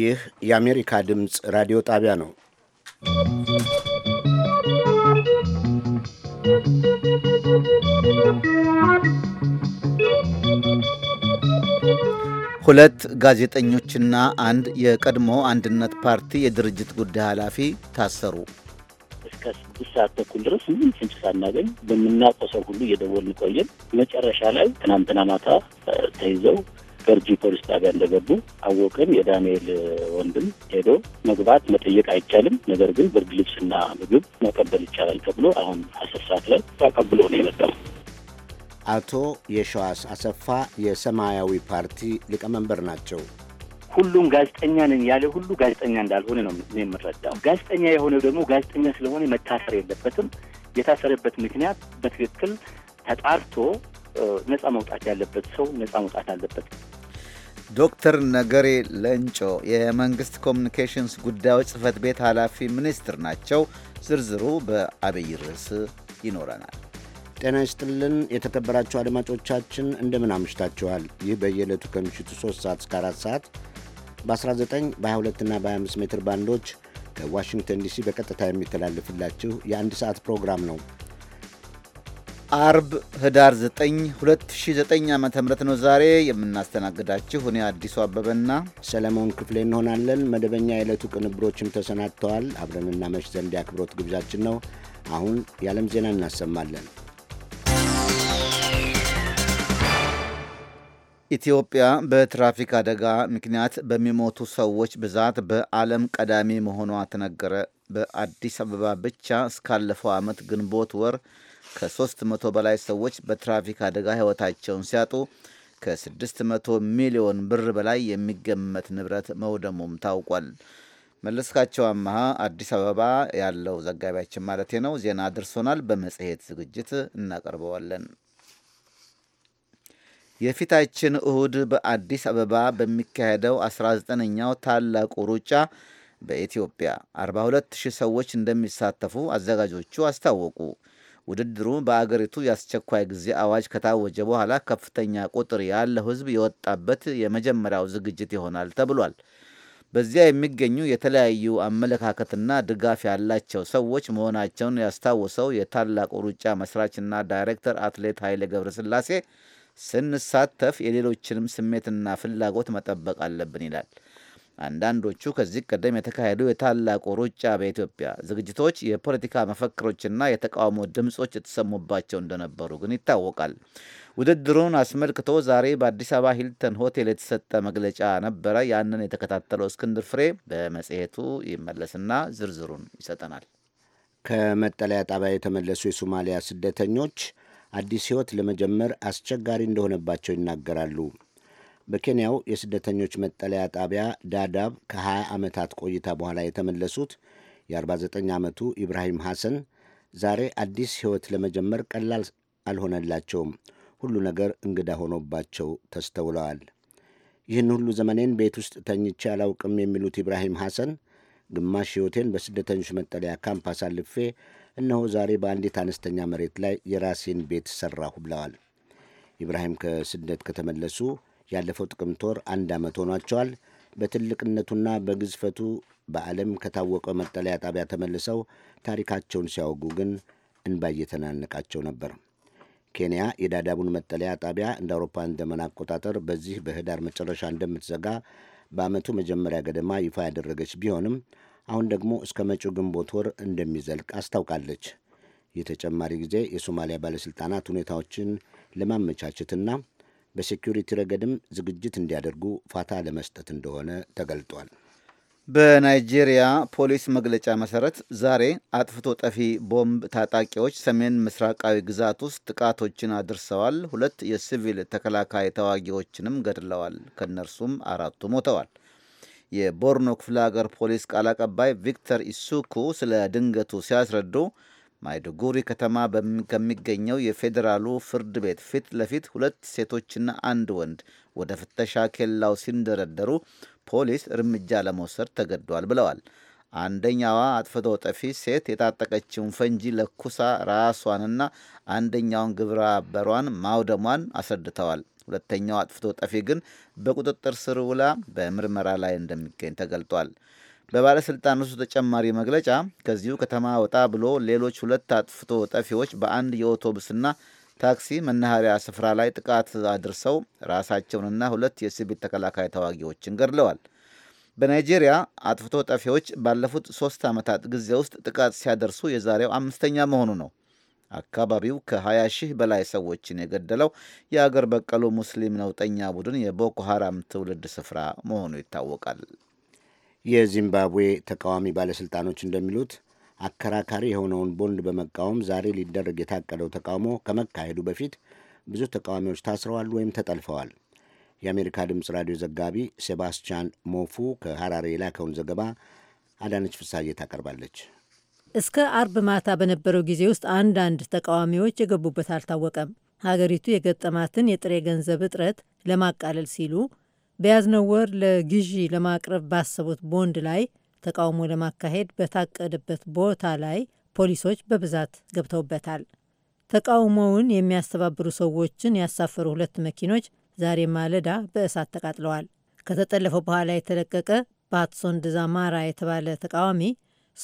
ይህ የአሜሪካ ድምፅ ራዲዮ ጣቢያ ነው። ሁለት ጋዜጠኞችና አንድ የቀድሞ አንድነት ፓርቲ የድርጅት ጉዳይ ኃላፊ ታሰሩ። እስከ ስድስት ሰዓት ተኩል ድረስ ምንም ፍንጭ ሳናገኝ በምናውቀው ሰው ሁሉ እየደወልን ቆየን። መጨረሻ ላይ ትናንትና ማታ ተይዘው ገርጂ ፖሊስ ጣቢያ እንደገቡ አወቅን። የዳንኤል ወንድም ሄዶ መግባት መጠየቅ አይቻልም፣ ነገር ግን ብርድ ልብስና ምግብ መቀበል ይቻላል ተብሎ አሁን አስር ሰዓት ላይ ተቀብሎ ነው የመጣው። አቶ የሸዋስ አሰፋ የሰማያዊ ፓርቲ ሊቀመንበር ናቸው። ሁሉም ጋዜጠኛ ነኝ ያለ ሁሉ ጋዜጠኛ እንዳልሆነ ነው የምረዳው። ጋዜጠኛ የሆነው ደግሞ ጋዜጠኛ ስለሆነ መታሰር የለበትም። የታሰረበት ምክንያት በትክክል ተጣርቶ ነፃ መውጣት ያለበት ሰው ነፃ መውጣት አለበት። ዶክተር ነገሬ ለንጮ የመንግስት ኮሚኒኬሽንስ ጉዳዮች ጽህፈት ቤት ኃላፊ ሚኒስትር ናቸው። ዝርዝሩ በአብይ ርዕስ ይኖረናል። ጤና ይስጥልን የተከበራችሁ አድማጮቻችን እንደምን አምሽታችኋል። ይህ በየዕለቱ ከምሽቱ 3 ሰዓት እስከ 4 ሰዓት በ19 በ22 እና በ25 ሜትር ባንዶች ከዋሽንግተን ዲሲ በቀጥታ የሚተላልፍላችሁ የአንድ ሰዓት ፕሮግራም ነው። አርብ ህዳር 9 2009 ዓ ም ነው ዛሬ የምናስተናግዳችሁ። እኔ አዲሱ አበበና ሰለሞን ክፍሌ እንሆናለን። መደበኛ የዕለቱ ቅንብሮችም ተሰናድተዋል። አብረን እናመሽ ዘንድ የአክብሮት ግብዣችን ነው። አሁን የዓለም ዜና እናሰማለን። ኢትዮጵያ በትራፊክ አደጋ ምክንያት በሚሞቱ ሰዎች ብዛት በዓለም ቀዳሚ መሆኗ ተነገረ። በአዲስ አበባ ብቻ እስካለፈው ዓመት ግንቦት ወር ከሶስት መቶ በላይ ሰዎች በትራፊክ አደጋ ሕይወታቸውን ሲያጡ ከ መቶ ሚሊዮን ብር በላይ የሚገመት ንብረት መውደሙም ታውቋል። መለስካቸው አመሃ አዲስ አበባ ያለው ዘጋቢያችን ማለት ነው። ዜና አድርሶናል። በመጽሔት ዝግጅት እናቀርበዋለን። የፊታችን እሁድ በአዲስ አበባ በሚካሄደው 19ኛው ታላቁ ሩጫ በኢትዮጵያ 42000 ሰዎች እንደሚሳተፉ አዘጋጆቹ አስታወቁ። ውድድሩ በአገሪቱ የአስቸኳይ ጊዜ አዋጅ ከታወጀ በኋላ ከፍተኛ ቁጥር ያለው ሕዝብ የወጣበት የመጀመሪያው ዝግጅት ይሆናል ተብሏል። በዚያ የሚገኙ የተለያዩ አመለካከትና ድጋፍ ያላቸው ሰዎች መሆናቸውን ያስታውሰው የታላቁ ሩጫ መስራችና ዳይሬክተር አትሌት ኃይሌ ገብረስላሴ ስንሳተፍ የሌሎችንም ስሜትና ፍላጎት መጠበቅ አለብን ይላል። አንዳንዶቹ ከዚህ ቀደም የተካሄዱ የታላቁ ሩጫ በኢትዮጵያ ዝግጅቶች የፖለቲካ መፈክሮችና የተቃውሞ ድምፆች የተሰሙባቸው እንደነበሩ ግን ይታወቃል። ውድድሩን አስመልክቶ ዛሬ በአዲስ አበባ ሂልተን ሆቴል የተሰጠ መግለጫ ነበረ። ያንን የተከታተለው እስክንድር ፍሬ በመጽሔቱ ይመለስና ዝርዝሩን ይሰጠናል። ከመጠለያ ጣቢያ የተመለሱ የሶማሊያ ስደተኞች አዲስ ሕይወት ለመጀመር አስቸጋሪ እንደሆነባቸው ይናገራሉ። በኬንያው የስደተኞች መጠለያ ጣቢያ ዳዳብ ከ20 ዓመታት ቆይታ በኋላ የተመለሱት የ49 ዓመቱ ኢብራሂም ሐሰን ዛሬ አዲስ ሕይወት ለመጀመር ቀላል አልሆነላቸውም። ሁሉ ነገር እንግዳ ሆኖባቸው ተስተውለዋል። ይህን ሁሉ ዘመኔን ቤት ውስጥ ተኝቼ አላውቅም የሚሉት ኢብራሂም ሐሰን ግማሽ ሕይወቴን በስደተኞች መጠለያ ካምፕ አሳልፌ እነሆ ዛሬ በአንዲት አነስተኛ መሬት ላይ የራሴን ቤት ሠራሁ ብለዋል። ኢብራሂም ከስደት ከተመለሱ ያለፈው ጥቅምት ወር አንድ ዓመት ሆኗቸዋል። በትልቅነቱና በግዝፈቱ በዓለም ከታወቀው መጠለያ ጣቢያ ተመልሰው ታሪካቸውን ሲያወጉ ግን እንባ እየተናነቃቸው ነበር። ኬንያ የዳዳቡን መጠለያ ጣቢያ እንደ አውሮፓን ዘመን አቆጣጠር በዚህ በህዳር መጨረሻ እንደምትዘጋ በዓመቱ መጀመሪያ ገደማ ይፋ ያደረገች ቢሆንም አሁን ደግሞ እስከ መጪው ግንቦት ወር እንደሚዘልቅ አስታውቃለች። የተጨማሪ ጊዜ የሶማሊያ ባለሥልጣናት ሁኔታዎችን ለማመቻቸትና በሴኪሪቲ ረገድም ዝግጅት እንዲያደርጉ ፋታ ለመስጠት እንደሆነ ተገልጧል። በናይጄሪያ ፖሊስ መግለጫ መሰረት ዛሬ አጥፍቶ ጠፊ ቦምብ ታጣቂዎች ሰሜን ምስራቃዊ ግዛት ውስጥ ጥቃቶችን አድርሰዋል። ሁለት የሲቪል ተከላካይ ተዋጊዎችንም ገድለዋል። ከእነርሱም አራቱ ሞተዋል። የቦርኖ ክፍለ ሀገር ፖሊስ ቃል አቀባይ ቪክተር ኢሱኩ ስለ ድንገቱ ሲያስረዱ ማይድጉሪ ከተማ ከሚገኘው የፌዴራሉ ፍርድ ቤት ፊት ለፊት ሁለት ሴቶችና አንድ ወንድ ወደ ፍተሻ ኬላው ሲንደረደሩ ፖሊስ እርምጃ ለመውሰድ ተገዷል ብለዋል። አንደኛዋ አጥፍቶ ጠፊ ሴት የታጠቀችውን ፈንጂ ለኩሳ ራሷንና አንደኛውን ግብረ አበሯን ማውደሟን አስረድተዋል። ሁለተኛው አጥፍቶ ጠፊ ግን በቁጥጥር ስር ውላ በምርመራ ላይ እንደሚገኝ ተገልጧል። ውስጥ ተጨማሪ መግለጫ ከዚሁ ከተማ ወጣ ብሎ ሌሎች ሁለት አጥፍቶ ጠፊዎች በአንድ የአውቶቡስና ታክሲ መናኸሪያ ስፍራ ላይ ጥቃት አድርሰው ራሳቸውንና ሁለት የሲቪል ተከላካይ ተዋጊዎችን ገድለዋል። በናይጄሪያ አጥፍቶ ጠፊዎች ባለፉት ሶስት ዓመታት ጊዜ ውስጥ ጥቃት ሲያደርሱ የዛሬው አምስተኛ መሆኑ ነው። አካባቢው ከ20 ሺህ በላይ ሰዎችን የገደለው የአገር በቀሉ ሙስሊም ነውጠኛ ቡድን የቦኮ ሐራም ትውልድ ስፍራ መሆኑ ይታወቃል። የዚምባብዌ ተቃዋሚ ባለሥልጣኖች እንደሚሉት አከራካሪ የሆነውን ቦንድ በመቃወም ዛሬ ሊደረግ የታቀደው ተቃውሞ ከመካሄዱ በፊት ብዙ ተቃዋሚዎች ታስረዋል ወይም ተጠልፈዋል። የአሜሪካ ድምፅ ራዲዮ ዘጋቢ ሴባስቲያን ሞፉ ከሐራሬ የላከውን ዘገባ አዳነች ፍሳዬ ታቀርባለች። እስከ አርብ ማታ በነበረው ጊዜ ውስጥ አንዳንድ ተቃዋሚዎች የገቡበት አልታወቀም። ሀገሪቱ የገጠማትን የጥሬ ገንዘብ እጥረት ለማቃለል ሲሉ በያዝነው ወር ለግዢ ለማቅረብ ባሰቡት ቦንድ ላይ ተቃውሞ ለማካሄድ በታቀደበት ቦታ ላይ ፖሊሶች በብዛት ገብተውበታል። ተቃውሞውን የሚያስተባብሩ ሰዎችን ያሳፈሩ ሁለት መኪኖች ዛሬ ማለዳ በእሳት ተቃጥለዋል። ከተጠለፈው በኋላ የተለቀቀ ባትሶን ድዛማራ የተባለ ተቃዋሚ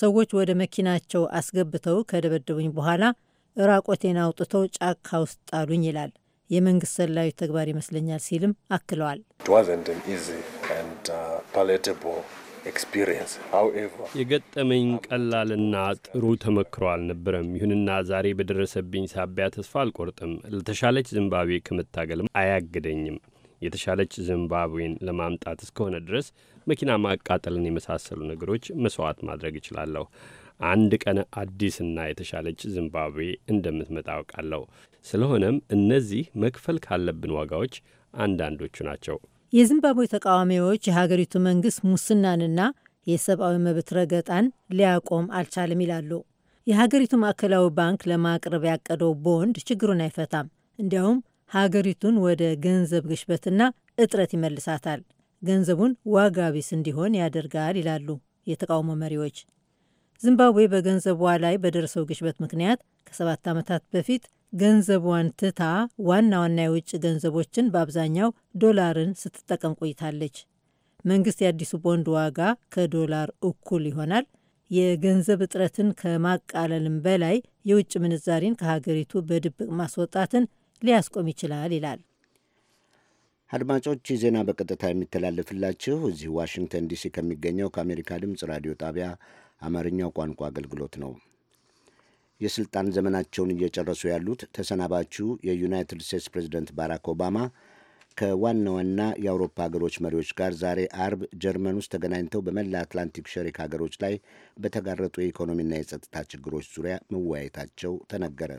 ሰዎች ወደ መኪናቸው አስገብተው ከደበደቡኝ በኋላ ራቆቴን አውጥተው ጫካ ውስጥ ጣሉኝ ይላል። የመንግስት ሰላዮች ተግባር ይመስለኛል ሲልም አክለዋል። uh, የገጠመኝ ቀላልና ጥሩ ተመክሮ አልነበረም። ይሁንና ዛሬ በደረሰብኝ ሳቢያ ተስፋ አልቆርጥም። ለተሻለች ዝምባብዌ ከመታገልም አያግደኝም። የተሻለች ዝምባብዌን ለማምጣት እስከሆነ ድረስ መኪና ማቃጠልን የመሳሰሉ ነገሮች መስዋዕት ማድረግ እችላለሁ። አንድ ቀን አዲስና የተሻለች ዚምባብዌ እንደምትመጣ አውቃለሁ። ስለሆነም እነዚህ መክፈል ካለብን ዋጋዎች አንዳንዶቹ ናቸው። የዚምባብዌ ተቃዋሚዎች የሀገሪቱ መንግስት ሙስናንና የሰብአዊ መብት ረገጣን ሊያቆም አልቻለም ይላሉ። የሀገሪቱ ማዕከላዊ ባንክ ለማቅረብ ያቀደው ቦንድ ችግሩን አይፈታም፣ እንዲያውም ሀገሪቱን ወደ ገንዘብ ግሽበትና እጥረት ይመልሳታል፣ ገንዘቡን ዋጋ ቢስ እንዲሆን ያደርጋል ይላሉ የተቃውሞ መሪዎች። ዚምባብዌ በገንዘቧ ላይ በደረሰው ግሽበት ምክንያት ከሰባት ዓመታት በፊት ገንዘቧን ትታ ዋና ዋና የውጭ ገንዘቦችን በአብዛኛው ዶላርን ስትጠቀም ቆይታለች። መንግስት የአዲሱ ቦንድ ዋጋ ከዶላር እኩል ይሆናል። የገንዘብ እጥረትን ከማቃለልም በላይ የውጭ ምንዛሪን ከሀገሪቱ በድብቅ ማስወጣትን ሊያስቆም ይችላል ይላል። አድማጮች፣ ዜና በቀጥታ የሚተላለፍላችሁ እዚህ ዋሽንግተን ዲሲ ከሚገኘው ከአሜሪካ ድምፅ ራዲዮ ጣቢያ አማርኛው ቋንቋ አገልግሎት ነው። የሥልጣን ዘመናቸውን እየጨረሱ ያሉት ተሰናባቹ የዩናይትድ ስቴትስ ፕሬዚደንት ባራክ ኦባማ ከዋና ዋና የአውሮፓ ሀገሮች መሪዎች ጋር ዛሬ አርብ ጀርመን ውስጥ ተገናኝተው በመላ አትላንቲክ ሸሪክ ሀገሮች ላይ በተጋረጡ የኢኮኖሚና የጸጥታ ችግሮች ዙሪያ መወያየታቸው ተነገረ።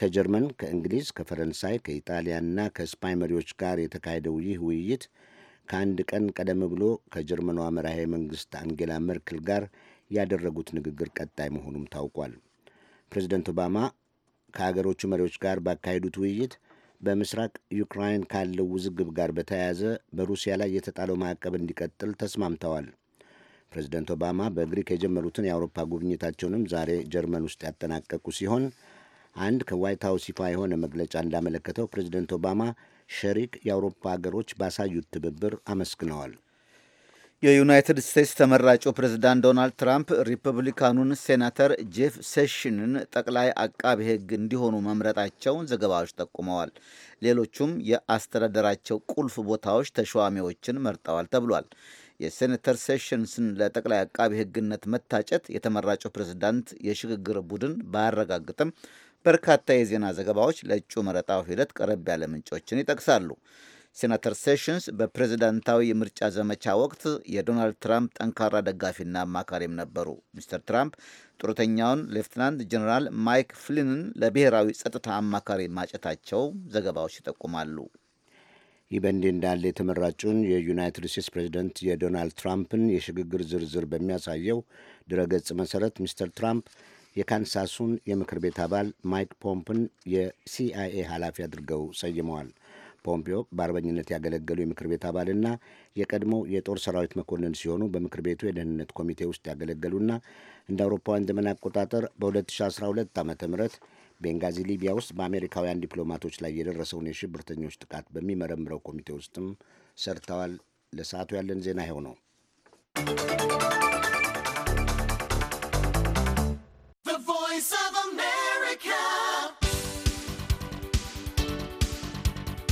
ከጀርመን፣ ከእንግሊዝ፣ ከፈረንሳይ፣ ከኢጣሊያና ከስፓኝ መሪዎች ጋር የተካሄደው ይህ ውይይት ከአንድ ቀን ቀደም ብሎ ከጀርመኗ መራሄ መንግስት አንጌላ መርክል ጋር ያደረጉት ንግግር ቀጣይ መሆኑም ታውቋል። ፕሬዚደንት ኦባማ ከሀገሮቹ መሪዎች ጋር ባካሄዱት ውይይት በምስራቅ ዩክራይን ካለው ውዝግብ ጋር በተያያዘ በሩሲያ ላይ የተጣለው ማዕቀብ እንዲቀጥል ተስማምተዋል። ፕሬዚደንት ኦባማ በግሪክ የጀመሩትን የአውሮፓ ጉብኝታቸውንም ዛሬ ጀርመን ውስጥ ያጠናቀቁ ሲሆን አንድ ከዋይት ሀውስ ይፋ የሆነ መግለጫ እንዳመለከተው ፕሬዚደንት ኦባማ ሸሪክ የአውሮፓ ሀገሮች ባሳዩት ትብብር አመስግነዋል። የዩናይትድ ስቴትስ ተመራጩ ፕሬዝዳንት ዶናልድ ትራምፕ ሪፐብሊካኑን ሴናተር ጄፍ ሴሽንን ጠቅላይ አቃቢ ሕግ እንዲሆኑ መምረጣቸውን ዘገባዎች ጠቁመዋል። ሌሎቹም የአስተዳደራቸው ቁልፍ ቦታዎች ተሿሚዎችን መርጠዋል ተብሏል። የሴኔተር ሴሽንስን ለጠቅላይ አቃቢ ሕግነት መታጨት የተመራጩ ፕሬዝዳንት የሽግግር ቡድን ባያረጋግጥም በርካታ የዜና ዘገባዎች ለእጩ መረጣው ሂደት ቀረብ ያለ ምንጮችን ይጠቅሳሉ። ሴናተር ሴሽንስ በፕሬዝዳንታዊ የምርጫ ዘመቻ ወቅት የዶናልድ ትራምፕ ጠንካራ ደጋፊና አማካሪም ነበሩ። ሚስተር ትራምፕ ጡረተኛውን ሌፍትናንት ጀኔራል ማይክ ፍሊንን ለብሔራዊ ጸጥታ አማካሪ ማጨታቸው ዘገባዎች ይጠቁማሉ። ይህ በእንዲህ እንዳለ የተመራጩን የዩናይትድ ስቴትስ ፕሬዚደንት የዶናልድ ትራምፕን የሽግግር ዝርዝር በሚያሳየው ድረገጽ መሠረት ሚስተር ትራምፕ የካንሳሱን የምክር ቤት አባል ማይክ ፖምፕን የሲአይኤ ኃላፊ አድርገው ሰይመዋል። ፖምፒዮ በአርበኝነት ያገለገሉ የምክር ቤት አባልና የቀድሞው የጦር ሰራዊት መኮንን ሲሆኑ በምክር ቤቱ የደህንነት ኮሚቴ ውስጥ ያገለገሉና እንደ አውሮፓውያን ዘመን አቆጣጠር በ2012 ዓ ም ቤንጋዚ ሊቢያ ውስጥ በአሜሪካውያን ዲፕሎማቶች ላይ የደረሰውን የሽብርተኞች ጥቃት በሚመረምረው ኮሚቴ ውስጥም ሰርተዋል። ለሰዓቱ ያለን ዜና ይኸው ነው።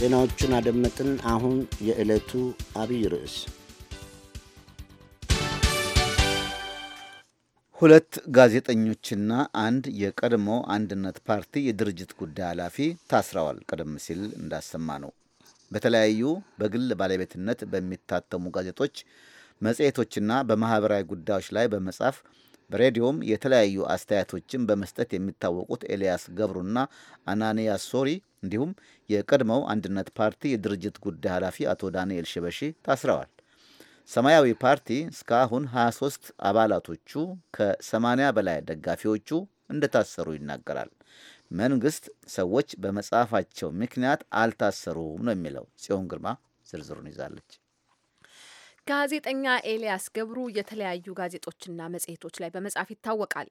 ዜናዎቹን አደመጥን። አሁን የዕለቱ አብይ ርዕስ ሁለት ጋዜጠኞችና አንድ የቀድሞ አንድነት ፓርቲ የድርጅት ጉዳይ ኃላፊ ታስረዋል። ቀደም ሲል እንዳሰማ ነው በተለያዩ በግል ባለቤትነት በሚታተሙ ጋዜጦች፣ መጽሔቶችና በማኅበራዊ ጉዳዮች ላይ በመጻፍ በሬዲዮም የተለያዩ አስተያየቶችን በመስጠት የሚታወቁት ኤልያስ ገብሩና አናንያስ ሶሪ እንዲሁም የቀድሞው አንድነት ፓርቲ የድርጅት ጉዳይ ኃላፊ አቶ ዳንኤል ሽበሺ ታስረዋል። ሰማያዊ ፓርቲ እስካሁን 23 አባላቶቹ ከ80 በላይ ደጋፊዎቹ እንደታሰሩ ይናገራል። መንግስት ሰዎች በመጽሐፋቸው ምክንያት አልታሰሩም ነው የሚለው። ጽዮን ግርማ ዝርዝሩን ይዛለች። ጋዜጠኛ ኤልያስ ገብሩ የተለያዩ ጋዜጦችና መጽሔቶች ላይ በመጻፍ ይታወቃል።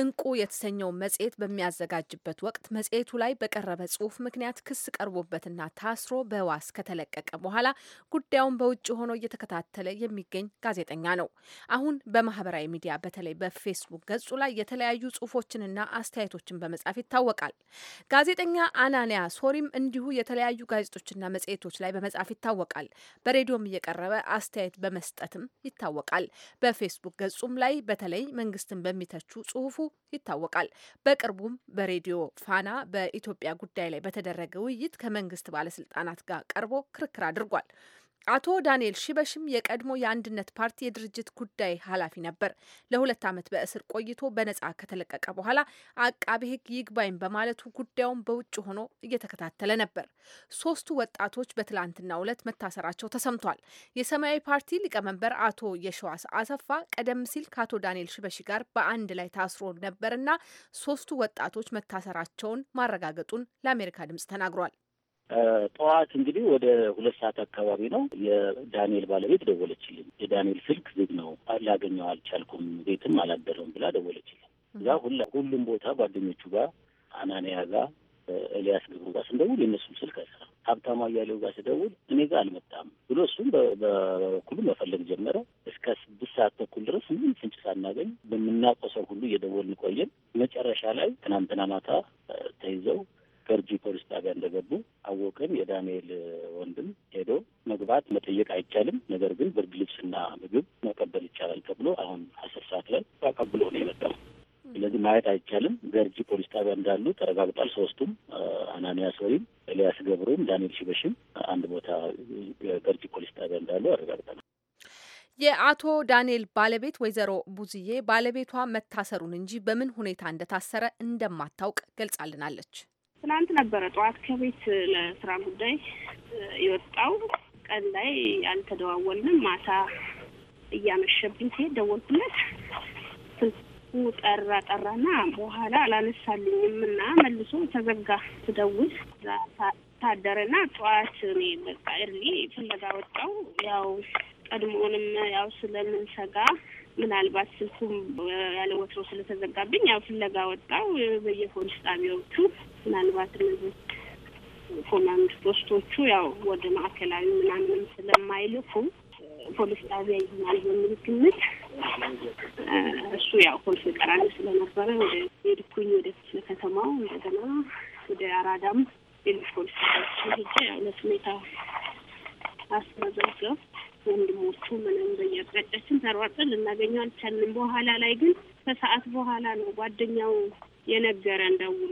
እንቁ የተሰኘው መጽሔት በሚያዘጋጅበት ወቅት መጽሔቱ ላይ በቀረበ ጽሑፍ ምክንያት ክስ ቀርቦበትና ታስሮ በዋስ ከተለቀቀ በኋላ ጉዳዩን በውጭ ሆኖ እየተከታተለ የሚገኝ ጋዜጠኛ ነው። አሁን በማህበራዊ ሚዲያ በተለይ በፌስቡክ ገጹ ላይ የተለያዩ ጽሑፎችንና አስተያየቶችን በመጻፍ ይታወቃል። ጋዜጠኛ አናንያ ሶሪም እንዲሁ የተለያዩ ጋዜጦችና መጽሔቶች ላይ በመጻፍ ይታወቃል። በሬዲዮም እየቀረበ አስተያየ አስተያየት በመስጠትም ይታወቃል። በፌስቡክ ገጹም ላይ በተለይ መንግስትን በሚተቹ ጽሁፉ ይታወቃል። በቅርቡም በሬዲዮ ፋና በኢትዮጵያ ጉዳይ ላይ በተደረገ ውይይት ከመንግስት ባለስልጣናት ጋር ቀርቦ ክርክር አድርጓል። አቶ ዳንኤል ሽበሽም የቀድሞ የአንድነት ፓርቲ የድርጅት ጉዳይ ኃላፊ ነበር። ለሁለት ዓመት በእስር ቆይቶ በነጻ ከተለቀቀ በኋላ አቃቤ ሕግ ይግባኝ በማለቱ ጉዳዩን በውጭ ሆኖ እየተከታተለ ነበር። ሶስቱ ወጣቶች በትላንትናው ዕለት መታሰራቸው ተሰምቷል። የሰማያዊ ፓርቲ ሊቀመንበር አቶ የሸዋስ አሰፋ ቀደም ሲል ከአቶ ዳንኤል ሽበሽ ጋር በአንድ ላይ ታስሮ ነበርና ሶስቱ ወጣቶች መታሰራቸውን ማረጋገጡን ለአሜሪካ ድምጽ ተናግሯል። ጠዋት እንግዲህ ወደ ሁለት ሰዓት አካባቢ ነው የዳንኤል ባለቤት ደወለችልኝ። የዳንኤል ስልክ ዝግ ነው ላገኘው አልቻልኩም፣ ቤትም አላደረውም ብላ ደወለችልኝ። እዛ ሁላ ሁሉም ቦታ ጓደኞቹ ጋር አናንያ ጋር ኤልያስ ግብሩ ጋር ስንደውል የእነሱም ስልክ አይሰራም። ሀብታሙ አያሌው ጋር ስደውል እኔ ጋር አልመጣም ብሎ እሱም በበኩሉ መፈለግ ጀመረ። እስከ ስድስት ሰዓት ተኩል ድረስ ምንም ፍንጭ ሳናገኝ በምናውቀው ሰው ሁሉ እየደወልን ቆየን። መጨረሻ ላይ ትናንትና ማታ ተይዘው ገርጂ ፖሊስ ጣቢያ እንደገቡ አወቅን። የዳንኤል ወንድም ሄዶ መግባት መጠየቅ አይቻልም፣ ነገር ግን ብርድ ልብስና ምግብ መቀበል ይቻላል ተብሎ አሁን አስር ሰዓት ላይ ተቀብሎ ነው የመጣው። ስለዚህ ማየት አይቻልም። ገርጂ ፖሊስ ጣቢያ እንዳሉ ተረጋግጧል። ሶስቱም አናንያስ ወይም ኤልያስ ገብሩም ዳንኤል ሽበሽም አንድ ቦታ ገርጂ ፖሊስ ጣቢያ እንዳሉ አረጋግጠናል። የአቶ ዳንኤል ባለቤት ወይዘሮ ቡዝዬ ባለቤቷ መታሰሩን እንጂ በምን ሁኔታ እንደታሰረ እንደማታውቅ ገልጻልናለች። ትናንት ነበረ ጠዋት ከቤት ለስራ ጉዳይ የወጣው ቀን ላይ አልተደዋወልንም። ማታ እያመሸብኝ ሲሄድ ደወልኩለት። ስልኩ ጠራ ጠራና በኋላ አላነሳልኝም እና መልሶ ተዘጋ። ስደውል ታደረና ጠዋት እኔ በቃ እርሊ ፍለጋ ወጣው። ያው ቀድሞውንም ያው ስለምንሰጋ ምናልባት ስልኩም ያለ ወትሮ ስለተዘጋብኝ ያው ፍለጋ ወጣው። በየፖሊስ ጣቢያዎቹ ምናልባት እነዚህ ኮማንድ ፖስቶቹ ያው ወደ ማዕከላዊ ምናምንም ስለማይልኩ ፖሊስ ጣቢያ ይሆናል በሚል ግምት እሱ ያው ፖሊስ ቀራኒ ስለነበረ ወደ ሄድኩኝ ወደ ክፍለ ከተማው እንደገና ወደ አራዳም ሌሎች ፖሊስ ጣቢያዎች ሄጄ ያው ለስሜታ አስመዘገብ ወንድሞቹ ምንም በየአቅጣጫችን ተሯጥ ልናገኘው አልቻልንም። በኋላ ላይ ግን ከሰዓት በኋላ ነው ጓደኛው የነገረን ደውሎ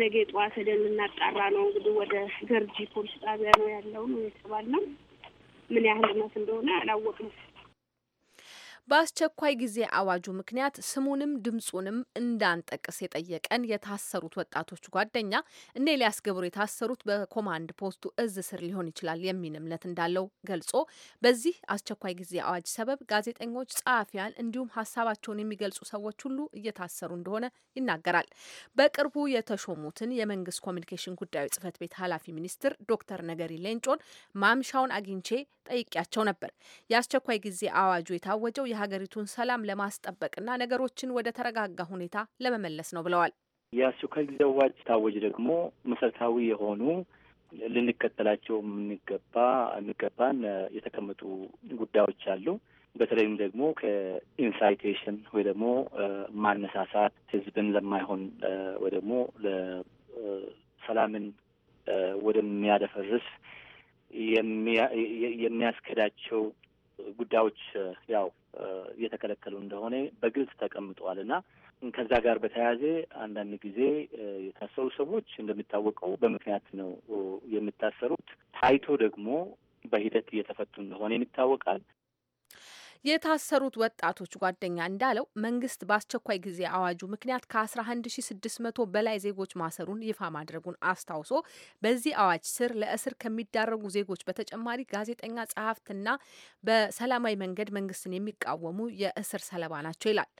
ነገ ጠዋት ሄደን እናጣራ ነው እንግዲህ ወደ ገርጂ ፖሊስ ጣቢያ ነው ያለው ነው የተባልነው። ምን ያህል እውነት እንደሆነ አላወቅም። በአስቸኳይ ጊዜ አዋጁ ምክንያት ስሙንም ድምፁንም እንዳንጠቅስ የጠየቀን የታሰሩት ወጣቶች ጓደኛ እኔሊያስ ገብሩ የታሰሩት በኮማንድ ፖስቱ እዝ ስር ሊሆን ይችላል የሚል እምነት እንዳለው ገልጾ በዚህ አስቸኳይ ጊዜ አዋጅ ሰበብ ጋዜጠኞች፣ ጸሐፊያን እንዲሁም ሀሳባቸውን የሚገልጹ ሰዎች ሁሉ እየታሰሩ እንደሆነ ይናገራል። በቅርቡ የተሾሙትን የመንግስት ኮሚኒኬሽን ጉዳዮች ጽህፈት ቤት ኃላፊ ሚኒስትር ዶክተር ነገሪ ሌንጮን ማምሻውን አግኝቼ ጠይቂያቸው ነበር። የአስቸኳይ ጊዜ አዋጁ የታወጀው የሀገሪቱን ሰላም ለማስጠበቅና ነገሮችን ወደ ተረጋጋ ሁኔታ ለመመለስ ነው ብለዋል። የአስቸኳይ ጊዜ አዋጅ ደግሞ መሰረታዊ የሆኑ ልንከተላቸው የምንገባ የሚገባን የተቀመጡ ጉዳዮች አሉ። በተለይም ደግሞ ከኢንሳይቴሽን ወይ ደግሞ ማነሳሳት ህዝብን ለማይሆን ወይ ደግሞ ለሰላምን ወደሚያደፈርስ የሚያስከዳቸው ጉዳዮች ያው እየተከለከሉ እንደሆነ በግልጽ ተቀምጠዋል እና ከዛ ጋር በተያያዘ አንዳንድ ጊዜ የታሰሩ ሰዎች እንደሚታወቀው በምክንያት ነው የሚታሰሩት። ታይቶ ደግሞ በሂደት እየተፈቱ እንደሆነ ይታወቃል። የታሰሩት ወጣቶች ጓደኛ እንዳለው መንግስት በአስቸኳይ ጊዜ አዋጁ ምክንያት ከ11600 በላይ ዜጎች ማሰሩን ይፋ ማድረጉን አስታውሶ በዚህ አዋጅ ስር ለእስር ከሚዳረጉ ዜጎች በተጨማሪ ጋዜጠኛ፣ ጸሐፍትና በሰላማዊ መንገድ መንግስትን የሚቃወሙ የእስር ሰለባ ናቸው ይላል።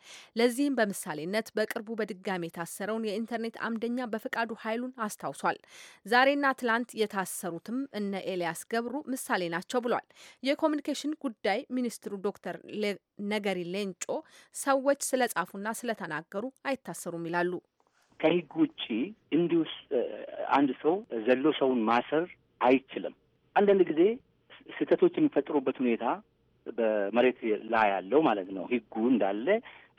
ለዚህም በምሳሌነት በቅርቡ በድጋሚ የታሰረውን የኢንተርኔት አምደኛ በፈቃዱ ኃይሉን አስታውሷል። ዛሬና ትላንት የታሰሩትም እነ ኤልያስ ገብሩ ምሳሌ ናቸው ብሏል። የኮሚኒኬሽን ጉዳይ ሚኒስትሩ ዶክተር ዶክተር ነገሪ ሌንጮ ሰዎች ስለጻፉና ስለተናገሩ አይታሰሩም ይላሉ። ከህግ ውጪ እንዲሁ አንድ ሰው ዘሎ ሰውን ማሰር አይችልም። አንዳንድ ጊዜ ስህተቶች የሚፈጥሩበት ሁኔታ በመሬት ላይ ያለው ማለት ነው። ህጉ እንዳለ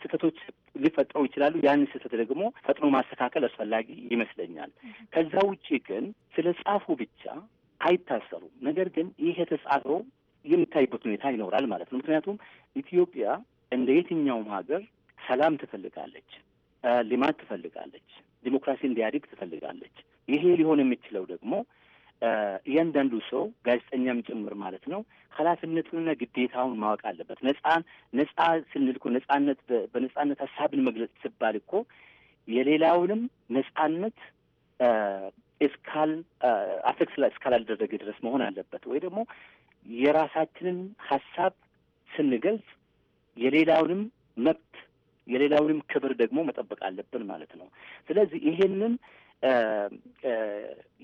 ስህተቶች ሊፈጥሩ ይችላሉ። ያን ስህተት ደግሞ ፈጥኖ ማስተካከል አስፈላጊ ይመስለኛል። ከዛ ውጪ ግን ስለ ጻፉ ብቻ አይታሰሩም። ነገር ግን ይህ የተጻፈው የሚታይበት ሁኔታ ይኖራል ማለት ነው። ምክንያቱም ኢትዮጵያ እንደ የትኛውም ሀገር ሰላም ትፈልጋለች፣ ልማት ትፈልጋለች፣ ዲሞክራሲ እንዲያድግ ትፈልጋለች። ይሄ ሊሆን የሚችለው ደግሞ እያንዳንዱ ሰው ጋዜጠኛም ጭምር ማለት ነው ኃላፊነቱንና ግዴታውን ማወቅ አለበት። ነጻ ነጻ ስንል እኮ ነጻነት በነጻነት ሀሳብን መግለጽ ሲባል እኮ የሌላውንም ነጻነት እስካል አፌክት እስካላልደረገ ድረስ መሆን አለበት ወይ ደግሞ የራሳችንን ሀሳብ ስንገልጽ የሌላውንም መብት የሌላውንም ክብር ደግሞ መጠበቅ አለብን ማለት ነው። ስለዚህ ይሄንን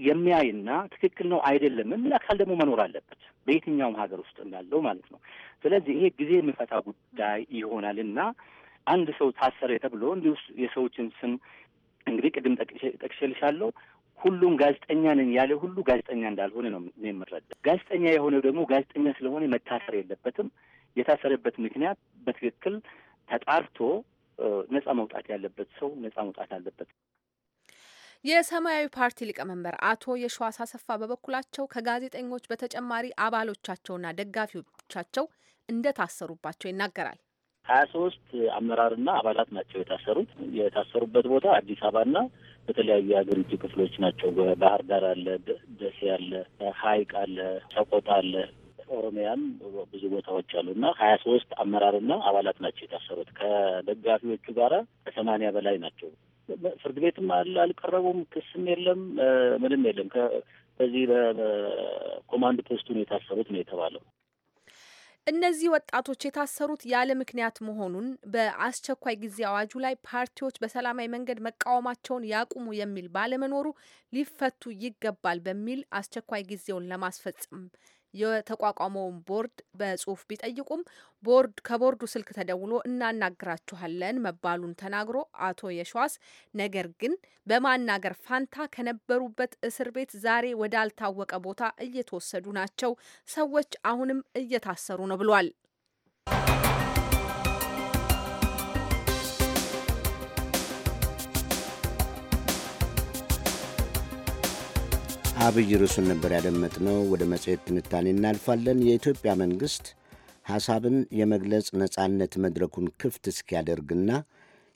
የሚያይና ትክክል ነው አይደለም የሚል አካል ደግሞ መኖር አለበት በየትኛውም ሀገር ውስጥ እንዳለው ማለት ነው። ስለዚህ ይሄ ጊዜ የሚፈታ ጉዳይ ይሆናል እና አንድ ሰው ታሰረ ተብሎ እንዲሁ የሰዎችን ስም እንግዲህ ቅድም ጠቅሼልሻለሁ ሁሉም ጋዜጠኛ ነኝ ያለ ሁሉ ጋዜጠኛ እንዳልሆነ ነው የምረዳ ጋዜጠኛ የሆነው ደግሞ ጋዜጠኛ ስለሆነ መታሰር የለበትም። የታሰረበት ምክንያት በትክክል ተጣርቶ ነጻ መውጣት ያለበት ሰው ነጻ መውጣት አለበት። የሰማያዊ ፓርቲ ሊቀመንበር አቶ የሸዋስ አሰፋ በበኩላቸው ከጋዜጠኞች በተጨማሪ አባሎቻቸውና ደጋፊዎቻቸው እንደታሰሩባቸው ይናገራል። ሀያ ሶስት አመራርና አባላት ናቸው የታሰሩት። የታሰሩበት ቦታ አዲስ አበባና በተለያዩ የሀገሪቱ ክፍሎች ናቸው። ባህር ዳር አለ፣ ደሴ አለ፣ ሀይቅ አለ፣ ሰቆጣ አለ። ኦሮሚያም ብዙ ቦታዎች አሉ እና ሀያ ሶስት አመራርና አባላት ናቸው የታሰሩት ከደጋፊዎቹ ጋራ ከሰማንያ በላይ ናቸው። ፍርድ ቤትም አልቀረቡም። ክስም የለም፣ ምንም የለም። በዚህ በኮማንድ ፖስቱ ነው የታሰሩት ነው የተባለው። እነዚህ ወጣቶች የታሰሩት ያለ ምክንያት መሆኑን በአስቸኳይ ጊዜ አዋጁ ላይ ፓርቲዎች በሰላማዊ መንገድ መቃወማቸውን ያቁሙ የሚል ባለመኖሩ ሊፈቱ ይገባል በሚል አስቸኳይ ጊዜውን ለማስፈጸም የተቋቋመውን ቦርድ በጽሁፍ ቢጠይቁም ቦርድ ከቦርዱ ስልክ ተደውሎ እናናግራችኋለን መባሉን ተናግሮ አቶ የሸዋስ ነገር ግን በማናገር ፋንታ ከነበሩበት እስር ቤት ዛሬ ወዳልታወቀ ቦታ እየተወሰዱ ናቸው፣ ሰዎች አሁንም እየታሰሩ ነው ብሏል። አብይ ርዕሱን ነበር ያደመጥነው። ወደ መጽሔት ትንታኔ እናልፋለን። የኢትዮጵያ መንግሥት ሐሳብን የመግለጽ ነጻነት መድረኩን ክፍት እስኪያደርግና